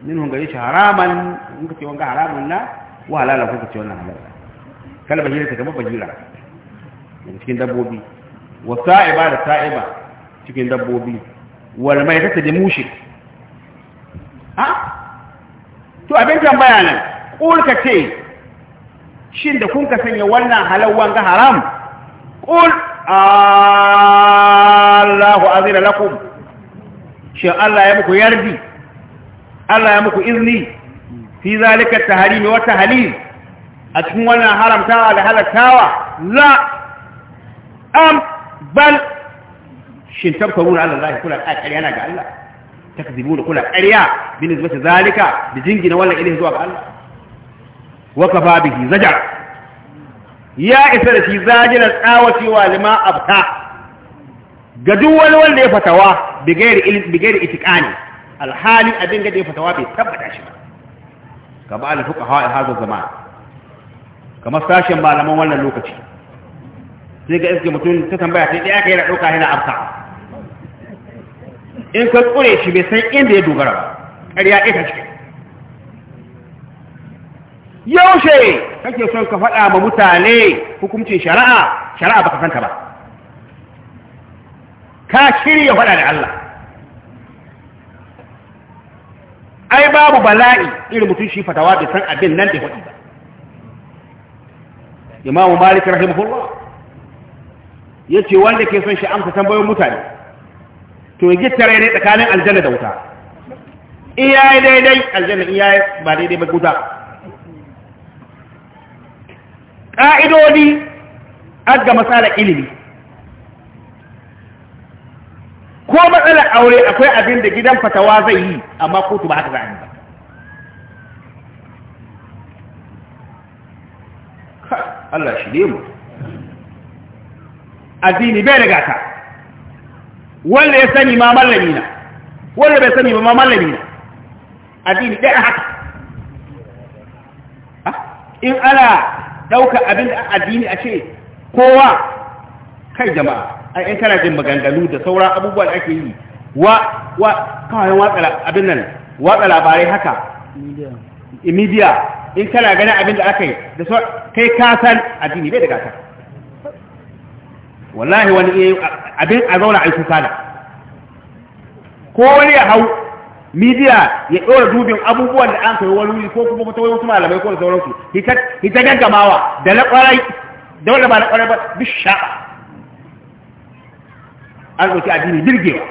min hun gari shi haraman in kace wanga haramun na wa halala kuka ce wannan halal kala bahira ta gaba bahira cikin dabbobi wa sa'iba da sa'iba cikin dabbobi wal maitata da ha to abin tambaya nan kul ka ce shin da kun ka sanya wannan halawwan ga haram kul Allahu azina lakum shin Allah ya muku yardi Allah ya muku izini fi zalika tahrimi wa tahlil a cikin wannan haramtawa da halartawa la am bal شين تبكون على الله كل الآيات أريانا قال الله تكذبون كل أريا بالنسبة ذلك بزنجنا ولا إليه زواء قال الله وكفى به زجر يا إسر في زاجنا آوتي والماء أبتاء قدول ولا يفتوى بغير بغير إتقاني الحال أدين قد يفتوى بيتبت عشبا كبال فقهاء هذا الزمان كما استاشم بالمولى اللوكتي sai ga iske mutum ta tambaya sai أكيد ka yi na in ka tsure shi bai san inda ya dogara ba ƙarya ita ce yaushe kake son ka faɗa ma mutane hukumcin shari'a shari'a ba ka santa ba ka shirya faɗa da Allah ai babu bala'i irin mutum shi fatawa bai san abin nan da faɗi ba imamu malik rahimahullah yace wanda ke son shi amsa tambayoyin mutane to ya gittare ne tsakanin aljanna da wuta iya yi daidai aljanna iya yi ba daidai ba wuta ƙa'idodi an ga matsalar ilimi ko matsalar aure akwai abin da gidan fatawa zai yi amma kotu ba haka za a yi ba Allah shi ne mu addini bai riga ka wanda ya sani ma mallami na wanda bai sani ba ma mallami na addini ɗaya haka ah, in ana ɗauka abin da addini a ce kowa kai jama'a a in kana jin maganganu da sauran abubuwa da ake yi wa wa kawai watsa abin nan watsa labarai haka media in kana ganin abin da aka yi da kai ka san addini bai da gasar wallahi wani eh, abin a zauna a yi kuka da ko wani ya hau midiya ya ɗora dubin abubuwan da an kai wani wuri ko kuma ta wasu malamai ko da sauransu hita gaggamawa da na ƙwarai da wanda ba na ƙwarai ba duk shaɓa an ɗauki addini birgewa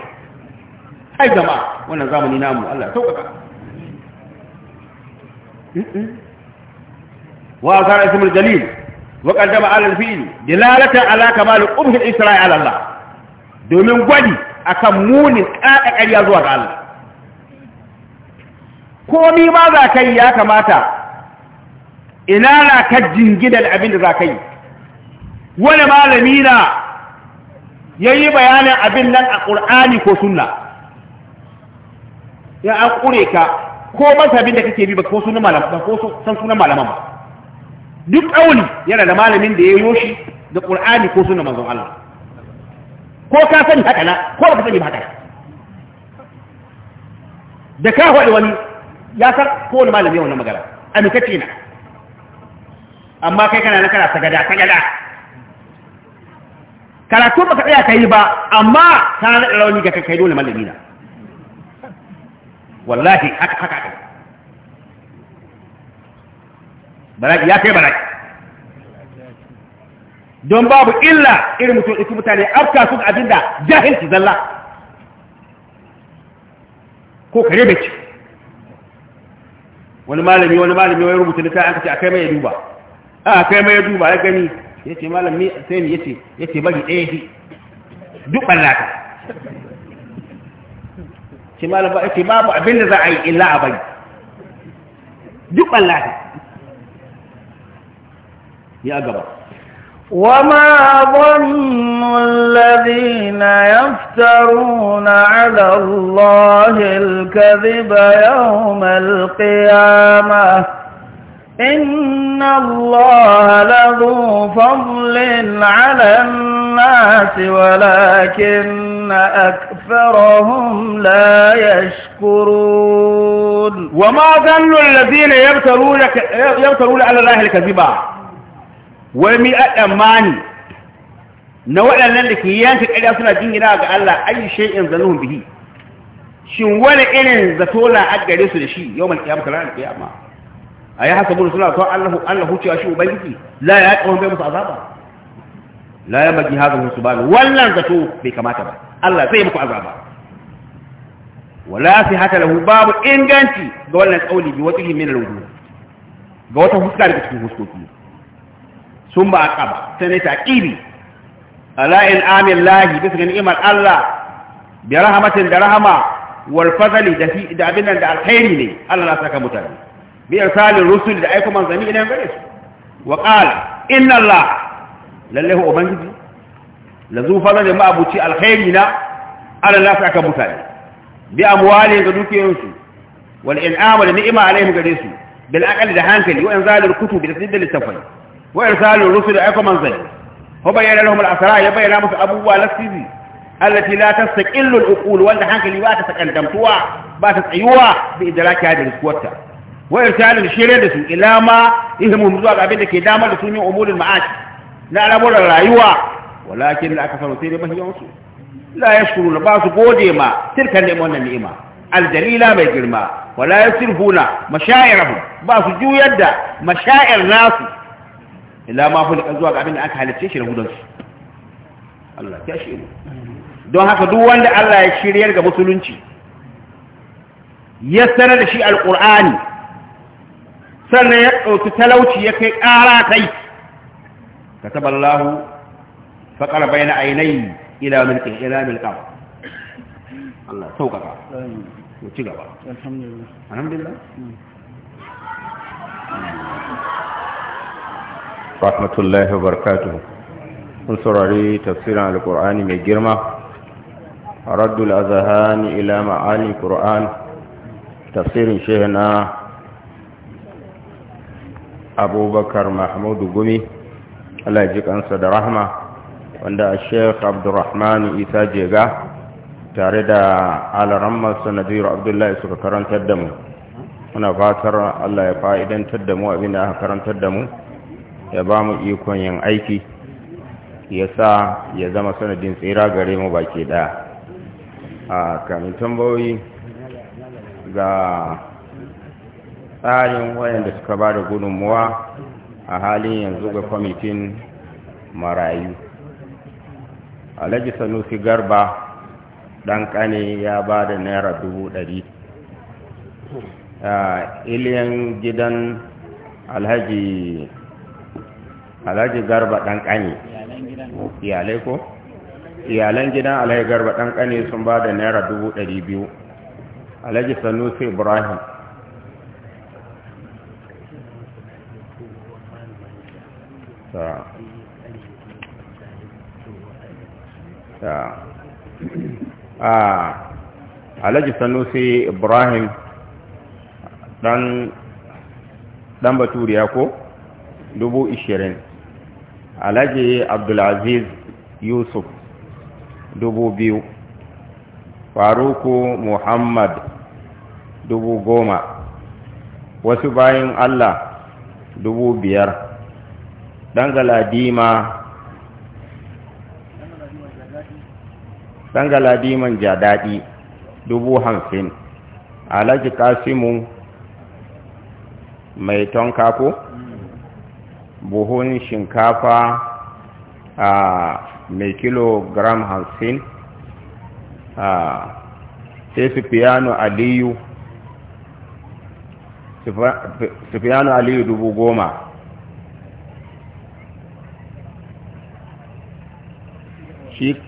ai gama wannan zamani namu Allah sauƙaƙa wa asara ismul jalil وقدم على الفيل دلالة على كمال قبح الإسراء على الله دومين قدي أكمون قائق اليزوى على الله komi ma za ka yi ya kamata ina na ka jingidan abin da za ka yi wani malami na ya yi bayanin abin nan a ƙur'ani ko sunna ya an ƙure ka ko masa abin da kake bi ba ko sunan malaman ba duk auni yana da malamin da ya yi yoshi da qur'ani ko suna manzon Allah ko ka sani haka na ko ba ka sani haka da ka faɗi wani ya san ko wani malami wannan magana amintacce na amma kai kana na kana sagada sagada karatu baka tsaya kai ba amma na da rauni ga kai dole malami na wallahi haka haka baraki ya kai baraki don babu illa irin mutum ɗauki mutane afka abin abinda jahilci zalla ko kare bai wani malami wani malami wani rubuta littafi an kace kai mai ya duba a kai mai ya duba ya gani yace malami sai ni yace yace bari ɗaya fi duk ballata ce malami ba yace babu abin da za a yi illa a bari duk ballata يا قبر وما ظن الذين يفترون على الله الكذب يوم القيامة إن الله لذو فضل على الناس ولكن أكثرهم لا يشكرون وما ظن الذين يفترون على الله الكذب wai mi a tsammani na waɗannan da ke yanka ƙarya suna jingina ga Allah ayi shay'in zanuhum bihi shin wani irin zato na a gare su da shi yau mai da kiyama kana kiyama ayi hasabu suna to Allah Allah huciya shi ubangiji la ya wani bai musu azaba la ya bagi musu subhanahu wannan zato bai kamata ba Allah zai muku azaba wala fi haka lahu babu inganci ga wannan kauli bi wajhi min al-wujuh ga wata huska daga cikin huskoki sun ba aqaba sai ne taqibi ala in amillahi bisa ni'imar Allah bi rahmatin da rahama wal fadli da fi da abin da alkhairi ne Allah ya saka mutane bi irsalin rusul da aika manzanni idan gare su wa qala inna Allah lalle hu ubangiji la zu fadli da abuci alkhairi na Allah ya saka mutane bi amwali ga dukiyoyinsu wal in'ama da ni'ima alaihim gare su bil aqli da hankali wa inzalul kutubi da tadil tafai wa irsalu rusul aiko manzai ho bayyana lahum al-asra ya bayyana musu abubuwa lasiri allati la tastaqillu al-uqul wanda hankali ba ta sakantamtuwa ba ta tsayuwa bi idraki hada riskuwarta wa irsalu shirya da su ila ma ihmum zuwa ga abin da ke damar da su min umurul ma'ash na al'amuran rayuwa walakin la akasaru sai dai mahiyan su la yashkuruna ba su gode ma tilkan ne wannan ni'ima al-dalila mai girma wala yasrifuna mashairahum ba su juyar da mashair nasu Illa ma hulika zuwa ga abin da aka halicce shi rahudan su Allah ya shi don haka duk wanda Allah ya shiryar ga musulunci ya sanar da shi alqur'ani sannan ya dauki talauci ya kai ƙara kai kataballahu faqara bayna aynayhi ila milki ila milqam Allah sauƙaƙa mu ci gaba alhamdulillah alhamdulillah rahmatullahi wa barkatu. Mun saurari tafsirin alkur'ani mai girma a raddul azahani ila ma'ani qur'an tafsirin shehna abubakar mahmudu gumi Allah ji kansa da rahma wanda a sheikh abdurrahman isa jega tare da alaramar sanadir abdullahi suka karantar da mu muna fatar Allah ya fa'idantar da mu abinda aka karantar da mu ya ba mu ikon yin aiki ya sa ya zama sanadin tsira gare mu baki daya a kamin tambayoyi ga tsarin wayanda suka ba da gudunmuwa a halin yanzu ga kwamitin marayu alhaji sanusi garba ɗan kane ya ba da naira dubu ɗari iliyan gidan alhaji alhaji garba dan kani iyalai ko iyalan gidan alhaji garba dan kani sun ba da naira dubu ɗari biyu alhaji sanusi ibrahim a alhaji sanusi ibrahim dan dan baturiya ko dubu ishirin alhaji abdulaziz yusuf dubu biyu faruku muhammad dubu goma wasu bayan allah dubu biyar ja daɗi, dubu hamsin alhaji kasimu mai ku? buhun shinkafa a mai kilogram hamsin a sai sufiyanu aliyu sufiyanu aliyu dubu goma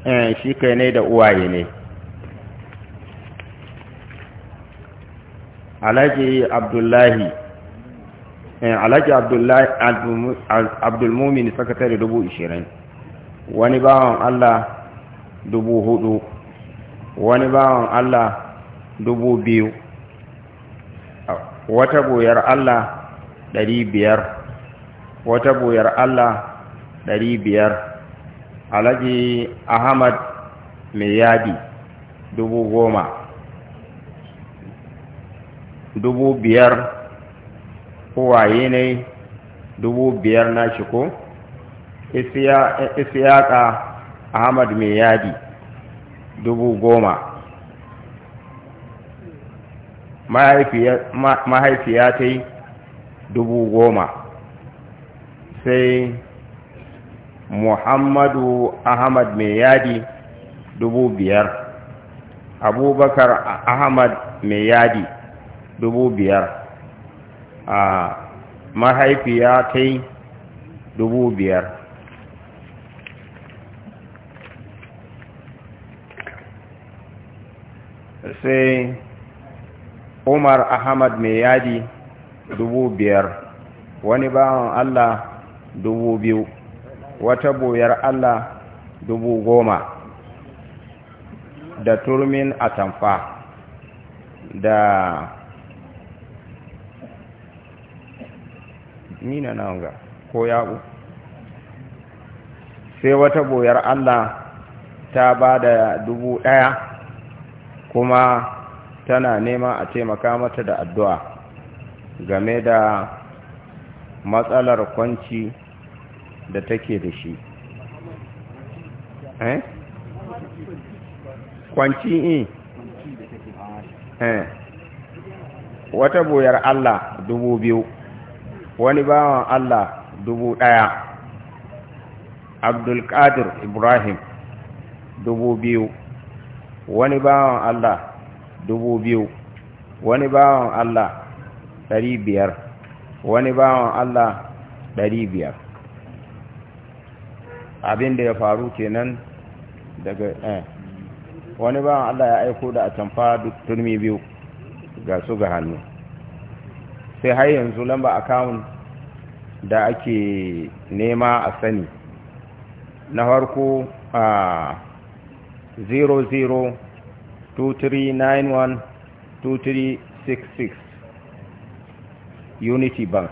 eh, shi kai ne da uwaye ne alhaji abdullahi Eh, alhaji abdulmumin sakatare dubu ishirin wani bawan allah dubu hudu wani bawan allah dubu biyu wata boyar allah dari biyar wata boyar allah dari biyar alhaji ahmad mai yadi dubu goma dubu biyar waye ne dubu biyar na shi ko isiyaka ahmad mai yadi dubu goma mahaifiya ta yi dubu goma sai muhammadu ahmad mai yadi dubu biyar abubakar ahmad mai yadi dubu biyar a mahaifiya ta yi dubu biyar sai umar ahmad mai yadi dubu biyar wani bawan allah dubu biyu wata boyar allah dubu goma da turmin atamfa da ni na ko yaƙo sai wata boyar allah ta ba da dubu ɗaya kuma tana nema a taimaka mata da addu'a game da matsalar kwanci da take da shi eh kwanci in eh. eh wata boyar Allah dubu biyu wani bawan Allah dubu ɗaya abdulkadir ibrahim dubu biyu wani bawan Allah dubu biyu wani bawan Allah ɗari biyar wani bawan Allah ɗari biyar abin da ya faru kenan daga eh wani bawan Allah ya aiko da canfa turmi biyu ga su ga hannu sai har yanzu lamba akawun da ake nema a sani na harko a 2366 unity bank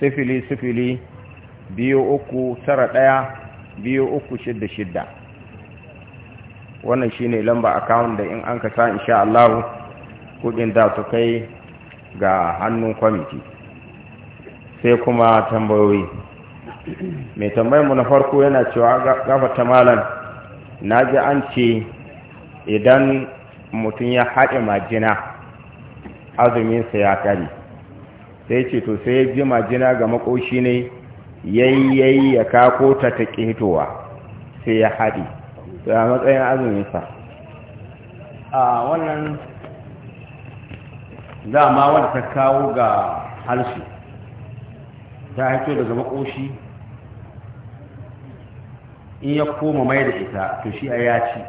sifili sifili biyu uku tara daya biyu uku shidda shidda wannan shine lamba akawun da in an kasa sha Allah kudin da su kai ga hannun kwamiti sai kuma tambayoyi mai tambayinmu na farko yana cewa gafata malam na ji an ce idan mutum ya haɗe majina azuminsa ya ƙari sai ce to sai ya ji majina ga makoshi ne yayyayi ya kako ta ta ƙetowa sai ya haɗe a matsayin azuminsa a wannan dama wanda ta kawo ga harshe ta haito daga makoshi in ya koma mai da ita to shi a ya ci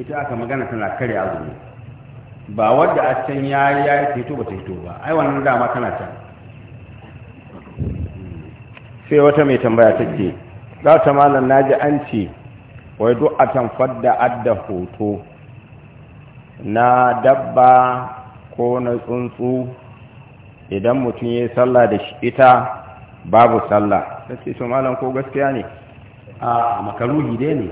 ita aka magana tana kare azumi ba wadda a can ya yi ya yi fito ba ta fito ba ai wannan dama tana can sai wata mai tambaya ta ke. za ta malam naji an ce wai duk a tamfar da adda hoto na dabba ko na tsuntsu idan mutum ya yi sallah da shi ita babu sallah da ce su malam ko gaskiya ne a makaru gide ne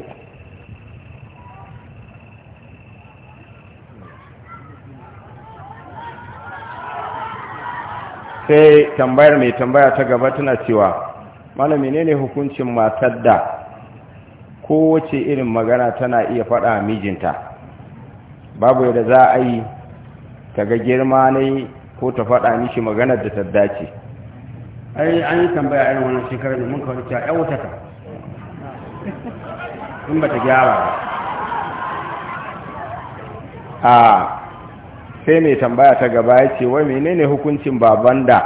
sai tambayar mai tambaya ta gaba tana cewa malam ne hukuncin matar da kowace irin magana tana iya faɗa mijinta babu yadda za a yi ta ga girma ne ko ta faɗa mishi maganar da ta dace ai an yi tambaya irin wani shekarar da mun kawai cewa ya wuta ta in ba ta gyara ba a sai mai tambaya ta gaba ya ce wai menene hukuncin baban da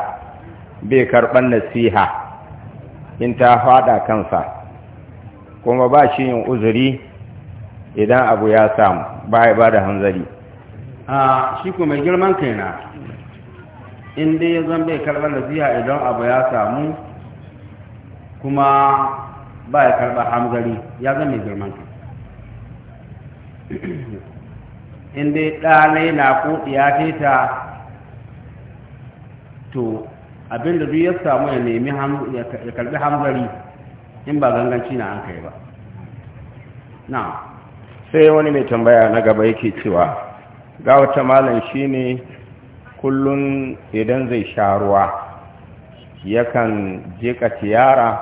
bai karɓar nasiha in ta faɗa kansa kuma ba shi yin uzuri idan abu ya samu baya ba da hanzari a shi kuma girman kaina in dai ya zan bai karɓar nasiha idan abu ya samu kuma ba ya karɓar hanzari ya zan mai girman kai in dai ɗanai na ko ya ta to abinda duk ya samu ya nemi ya karɓi hanzari in ba ganganci na an kai ba na'am sai wani mai tambaya na gaba yake cewa ga wata malam shine kullun idan zai sha ruwa je ka tiyara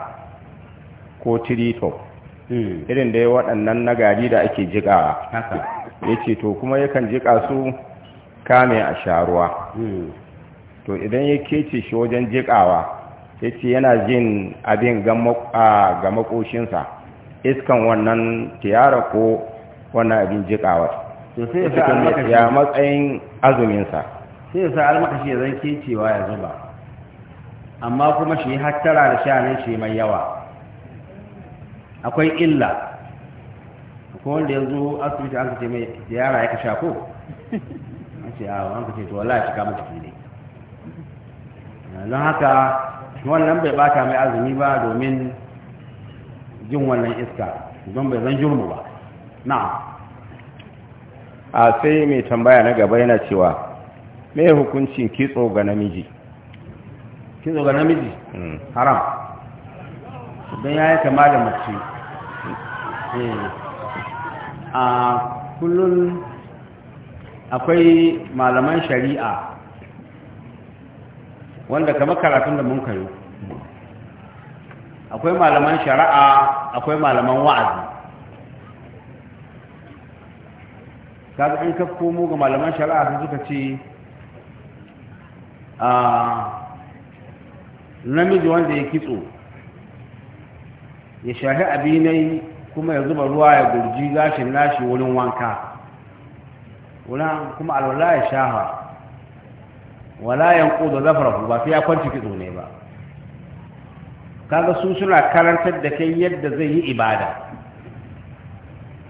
ko tirito hmm. irin da ya waɗannan na gari da ake jikawa ya ce to kuma yakan jiƙa su kame a sha ruwa hmm. to idan ya kece shi wajen jiƙawa ya ce yana jin abin ga makoshinsa iskan wannan tiyara ko wannan abin jikawar to sai ya ya matsayin azuminsa sai ya sa almakashi ya zan cewa ya zuba amma kuma shi hattara da shanin shi mai yawa akwai illa ko wanda ya zo asibiti an kace mai yara ya kasha ko an ce awa an kace to wallahi shiga mutu ne don haka wannan bai bata mai azumi ba domin jin wannan iska don bai zan jurmu ba a sai mai tambaya na gaba yana cewa mai hukuncin kitso ga namiji kitso ga namiji hmm. haram don ya yi kama da mace eh. a kullum akwai malaman shari'a wanda kama karatun da mun kayo akwai malaman shari'a akwai malaman wa'azi kaga an ka komo ga malaman shari'a sun suka ce a ah, namiji wanda ya kitso ya shahi abinai kuma ya zuba ruwa ya gurji gashin nashi wurin wanka wurin kuma alwala ya shaha wala yanku da zafarafu ba sai ya kwanci kitso ne ba kaga su suna karantar da kai yadda zai yi ibada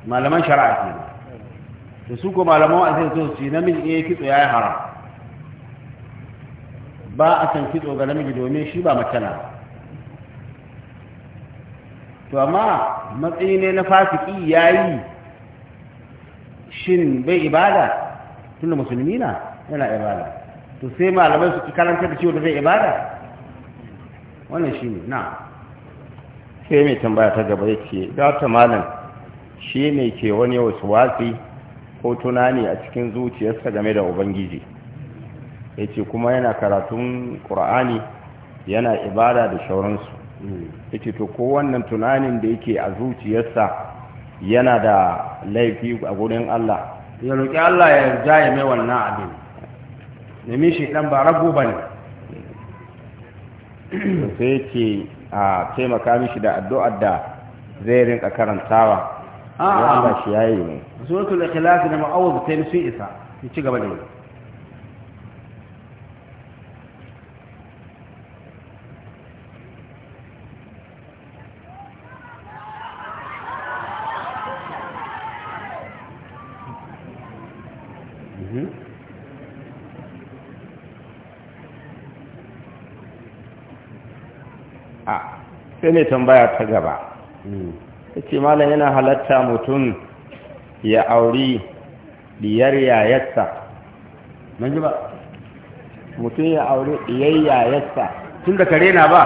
malaman shari'a kenan to su ko malaman wa'azi sun su namiji eh kitso yayi haram ba a san kitso ga namiji domin shi ba makana to amma matsayi ne na fasiki yayi shin bai ibada tunda musulmi na yana ibada to sai malamai su karanta da cewa zai ibada wannan shi ne na sai mai tambaya ta gaba yake da ta malam shi ne ke wani wasu wasi ko tunani a cikin zuciyarsa game da ubangiji ya ce kuma yana karatun ƙura'ani yana ibada da shauransu hmm. ya ce to ko wannan tunanin da yake a zuciyarsa yana da laifi a gurin Allah ya roƙi Allah ya yarda ya mai wannan abin domin shi ɗan ba rago ba ne sai yake a taimaka mishi da addu'ar da zai rinka karantawa ya ba shi ya yayi ne suratul ikhlas da ma'awuz ta sun isa ki ci gaba da yi mhm. ah, sai ne tambaya ta gaba mm. yace malam yana halatta mutum ya auri diyar yayarsa mun ji ba mutum ya auri diyar yayarsa tun da kare na ba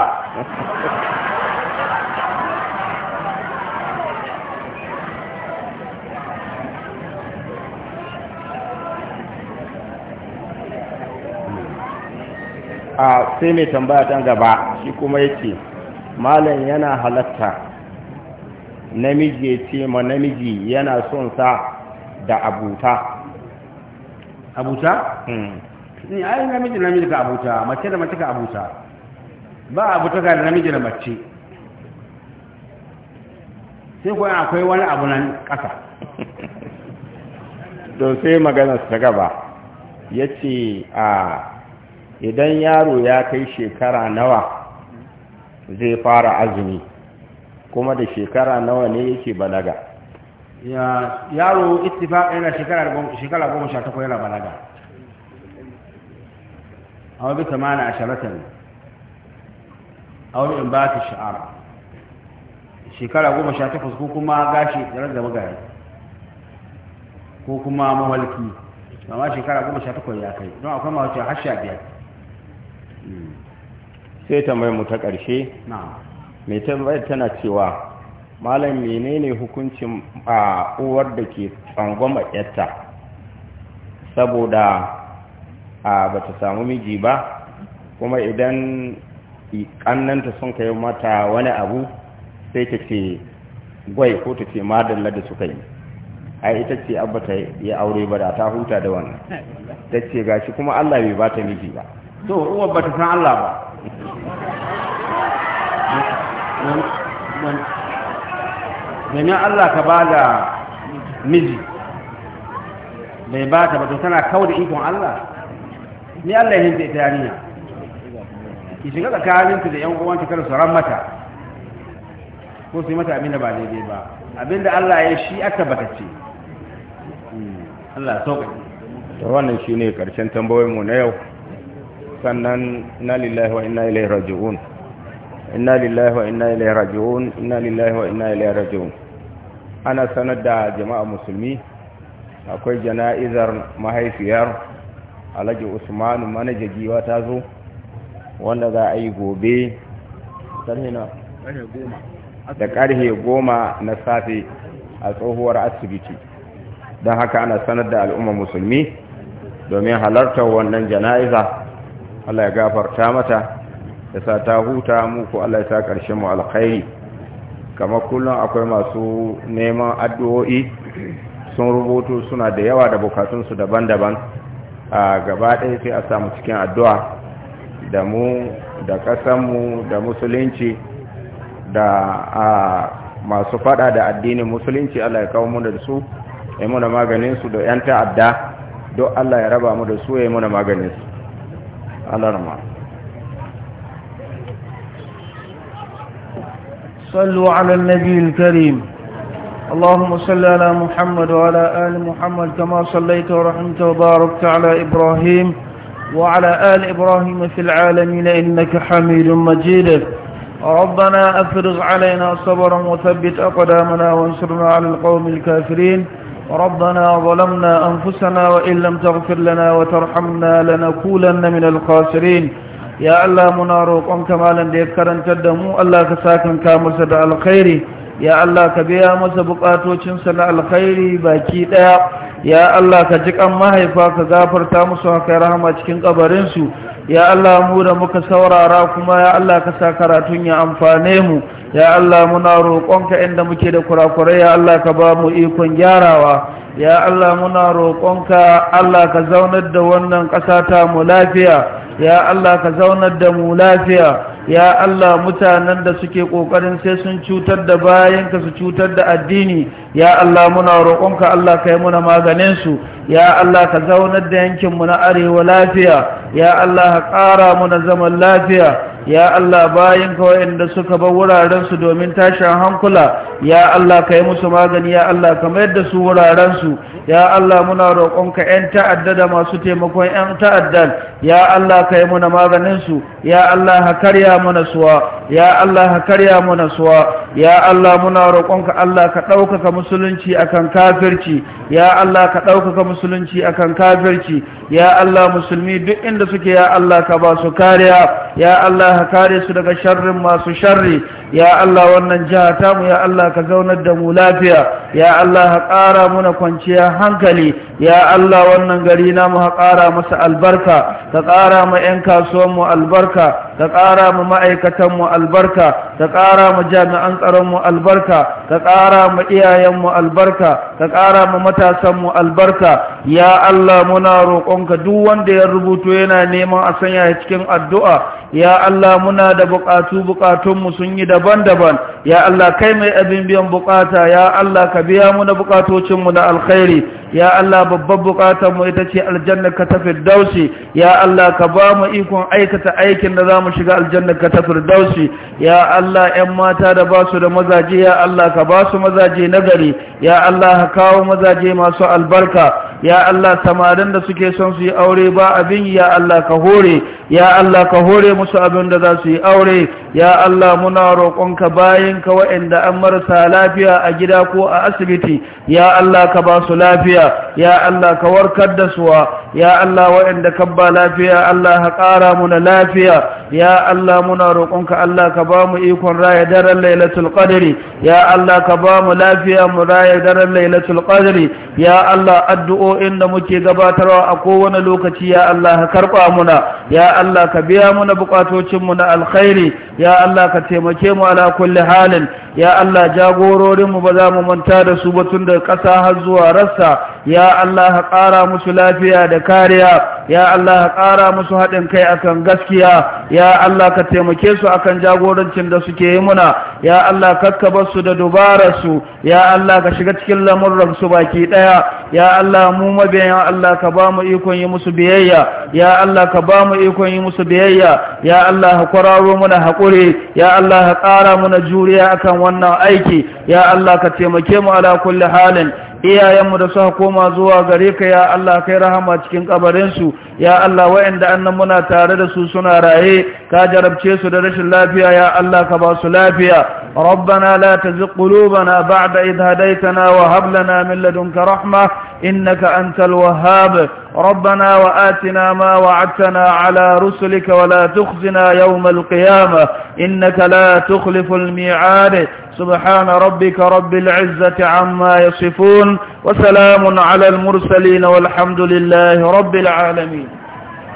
a sai mai tambaya ta gaba shi kuma yake malam yana halatta namiji ya ce ma namiji yana son sa da abuta abuta? Hmm. ni ai namiji namiji ka abuta mace da mace ka abuta ba abuta ga namiji da mace sai kuwa akwai wani abu nan kasa. don sai maganar ta gaba ya ce a idan yaro ya kai shekara nawa zai fara azumi kuma da shekara nawa ne yake balaga yaro ittifaqi yana shekara goma sha takwas yana balaga aw bi tamana asharatan aw in ba ta sha'ara. shekara goma sha takwas ko kuma gashi ran da magari ko kuma mawalki amma shekara goma sha takwas ya kai don akwai mawace har sha biyar hmm. sai ta mai mu ta ƙarshe na'am mai tambayar tana cewa malam menene hukuncin a uwar da ke tsangwama yarta saboda a bata samu miji ba kuma idan kannanta sun kai mata wani abu sai ta ce gwai ko ta ce madalla da suka yi ai ita ce abba ta yi aure ba da ta huta da wannan ta ce gashi kuma Allah bai ba miji ba so uwar ba ta san Allah ba domin Allah ka ba da miji bai ba ta bato tana kawo da ikon Allah ni Allah ya hinta ita yarinya ki shiga tsakaninta da yan uwanta kar su mata ko su yi mata abinda ba daidai ba abinda Allah ya shi aka bata ce hmm, Allah sauƙa ta wannan shine ƙarshen tambayoyinmu na yau sannan na lillahi wa inna ilaihi raji'un inna lillahi wa inna ilaihi raji'un inna lillahi wa inna ilaihi raji'un ana sanar da jama'a musulmi akwai jana'izar mahaifiyar alhaji usman manaja giwa ta zo wanda za a yi gobe da karhe goma na safe a tsohuwar asibiti don haka ana sanar da al'ummar musulmi domin halartar wannan jana'iza Allah ya gafarta mata ya ta huta mu ko Allah ya sa ƙarshen mu alkhairi kama kullum akwai masu neman addu'o'i sun rubutu suna da yawa da bukatunsu daban-daban a gaba ɗaya sai a samu cikin addu'a da mu da ƙasanmu da musulunci da a masu fada da addinin musulunci Allah ya kawo mu da su ya muna su da 'yan ta'adda don Allah ya raba mu da su ya muna su Allah rama صلوا على النبي الكريم اللهم صل على محمد وعلى آل محمد كما صليت ورحمت وباركت على إبراهيم وعلى آل إبراهيم في العالمين إنك حميد مجيد ربنا أفرغ علينا صبرا وثبت أقدامنا وانصرنا على القوم الكافرين ربنا ظلمنا أنفسنا وإن لم تغفر لنا وترحمنا لنكونن من الخاسرين ya Allah muna roƙonka malam da ya karantar da mu Allah ka sakan ka masa da alkhairi ya Allah ka biya masa buƙatocinsa na alkhairi baki ɗaya ya Allah ka jiƙan mahaifa ka gafarta musu haka rahama cikin ƙabarinsu. ya Allah mu da muka saurara kuma ya Allah ka sa karatun ya amfane mu ya Allah muna roƙonka inda muke da kurakurai ya Allah ka ba mu ikon gyarawa ya Allah muna roƙonka Allah ka zaunar da wannan ƙasa ta mu lafiya ya Allah ka zaunar da mu lafiya ya Allah mutanen da suke ƙoƙarin sai sun cutar da bayanka su cutar da addini ya Allah muna roƙonka Allah ka yi muna maganin su ya Allah ka zaunar da yankinmu na arewa lafiya ya Allah ka ƙara muna zaman lafiya ya Allah bayin ka suka bar wuraren su domin tashin hankula ya Allah ka yi musu magani ya Allah ka mayar da su wuraren su ya Allah muna roƙonka ka ƴan ta'adda da masu taimakon ƴan ta'addan ya Allah ka yi muna maganin su ya Allah ha karya mana suwa ya Allah ka karya mu nasuwa ya Allah muna roƙonka Allah ka ɗaukaka musulunci akan kafirci ya Allah ka ɗaukaka musulunci akan kafirci ya Allah musulmi duk inda suke ya Allah ka ba su kariya ya Allah ka kare su daga sharrin masu sharri ya Allah wannan jiha tamu ya Allah ka zaunar da mu lafiya ya Allah ha ƙara muna hankali ya Allah wannan gari namu ha ƙara masa albarka ka ƙara ma 'yan kasuwanmu albarka ka ƙara ma ma'aikatanmu albarka ka ƙara ma jami'an tsaronmu albarka ka ƙara ma iyayenmu albarka ka ƙara ma matasanmu albarka ya Allah muna roƙonka duk wanda ya rubuto yana neman a sanya cikin addu'a ya Allah muna da buƙatu buƙatunmu sun yi da daban-daban ya Allah kai mai abin biyan bukata ya Allah ka biya mu na bukatocinmu na alkhairi ya Allah babbar bukatar mu ita ce ka ta firdausi ya Allah ka ba mu ikon aikata aikin da zamu shiga ka ta firdausi ya Allah 'yan mata da ba su da mazaje ya Allah ka ba su mazaje nagari ya Allah ka kawo mazaje masu albarka ya Allah samarin da suke son su yi aure ba abin ya Allah ka hore ya Allah ka hore musu abin da za su yi aure ya Allah muna roƙonka bayan ka waɗanda an marasa lafiya a gida ko a asibiti ya Allah ka ba su lafiya lafiya ya Allah ka warkar da suwa ya Allah waɗanda ka ba lafiya Allah ha ƙara muna lafiya ya Allah muna roƙonka Allah ka ba mu ikon raya daren lailatul qadri ya Allah ka ba mu lafiya mu raya daren lailatul qadri ya Allah addu'o'in da muke gabatarwa a kowane lokaci ya Allah ka karba muna ya Allah ka biya muna buƙatocin mu na alkhairi ya Allah ka taimake mu ala kulli halin ya Allah jagororin mu ba za mu manta da su ba tun da ƙasa har zuwa rassa ya Allah ka ƙara musu lafiya da kariya ya Allah ka ƙara musu haɗin kai akan gaskiya ya Allah ka taimake su akan jagorancin da suke yi muna ya Allah kakkaba su da dubarar su ya Allah ka shiga cikin lamurran baki ɗaya ya Allah mu mabiyan Allah ka ba mu ikon yi musu biyayya ya Allah ka ba mu ikon yi musu biyayya ya Allah ka kwararo muna haƙuri ya Allah ka ƙara muna juriya akan wannan aiki ya Allah ka taimake mu ala kulli halin iyayenmu da suka koma zuwa gare ka ya Allah kai rahama cikin kabarinsu ya Allah waɗanda annan muna tare da su suna raye ka jarabce su da rashin lafiya ya Allah ka ba su lafiya ربنا لا تزغ قلوبنا بعد إذ هديتنا وهب لنا من لدنك رحمة إنك أنت الوهاب ربنا وآتنا ما وعدتنا على رسلك ولا تخزنا يوم القيامة إنك لا تخلف الميعاد سبحان ربك رب العزة عما يصفون وسلام على المرسلين والحمد لله رب العالمين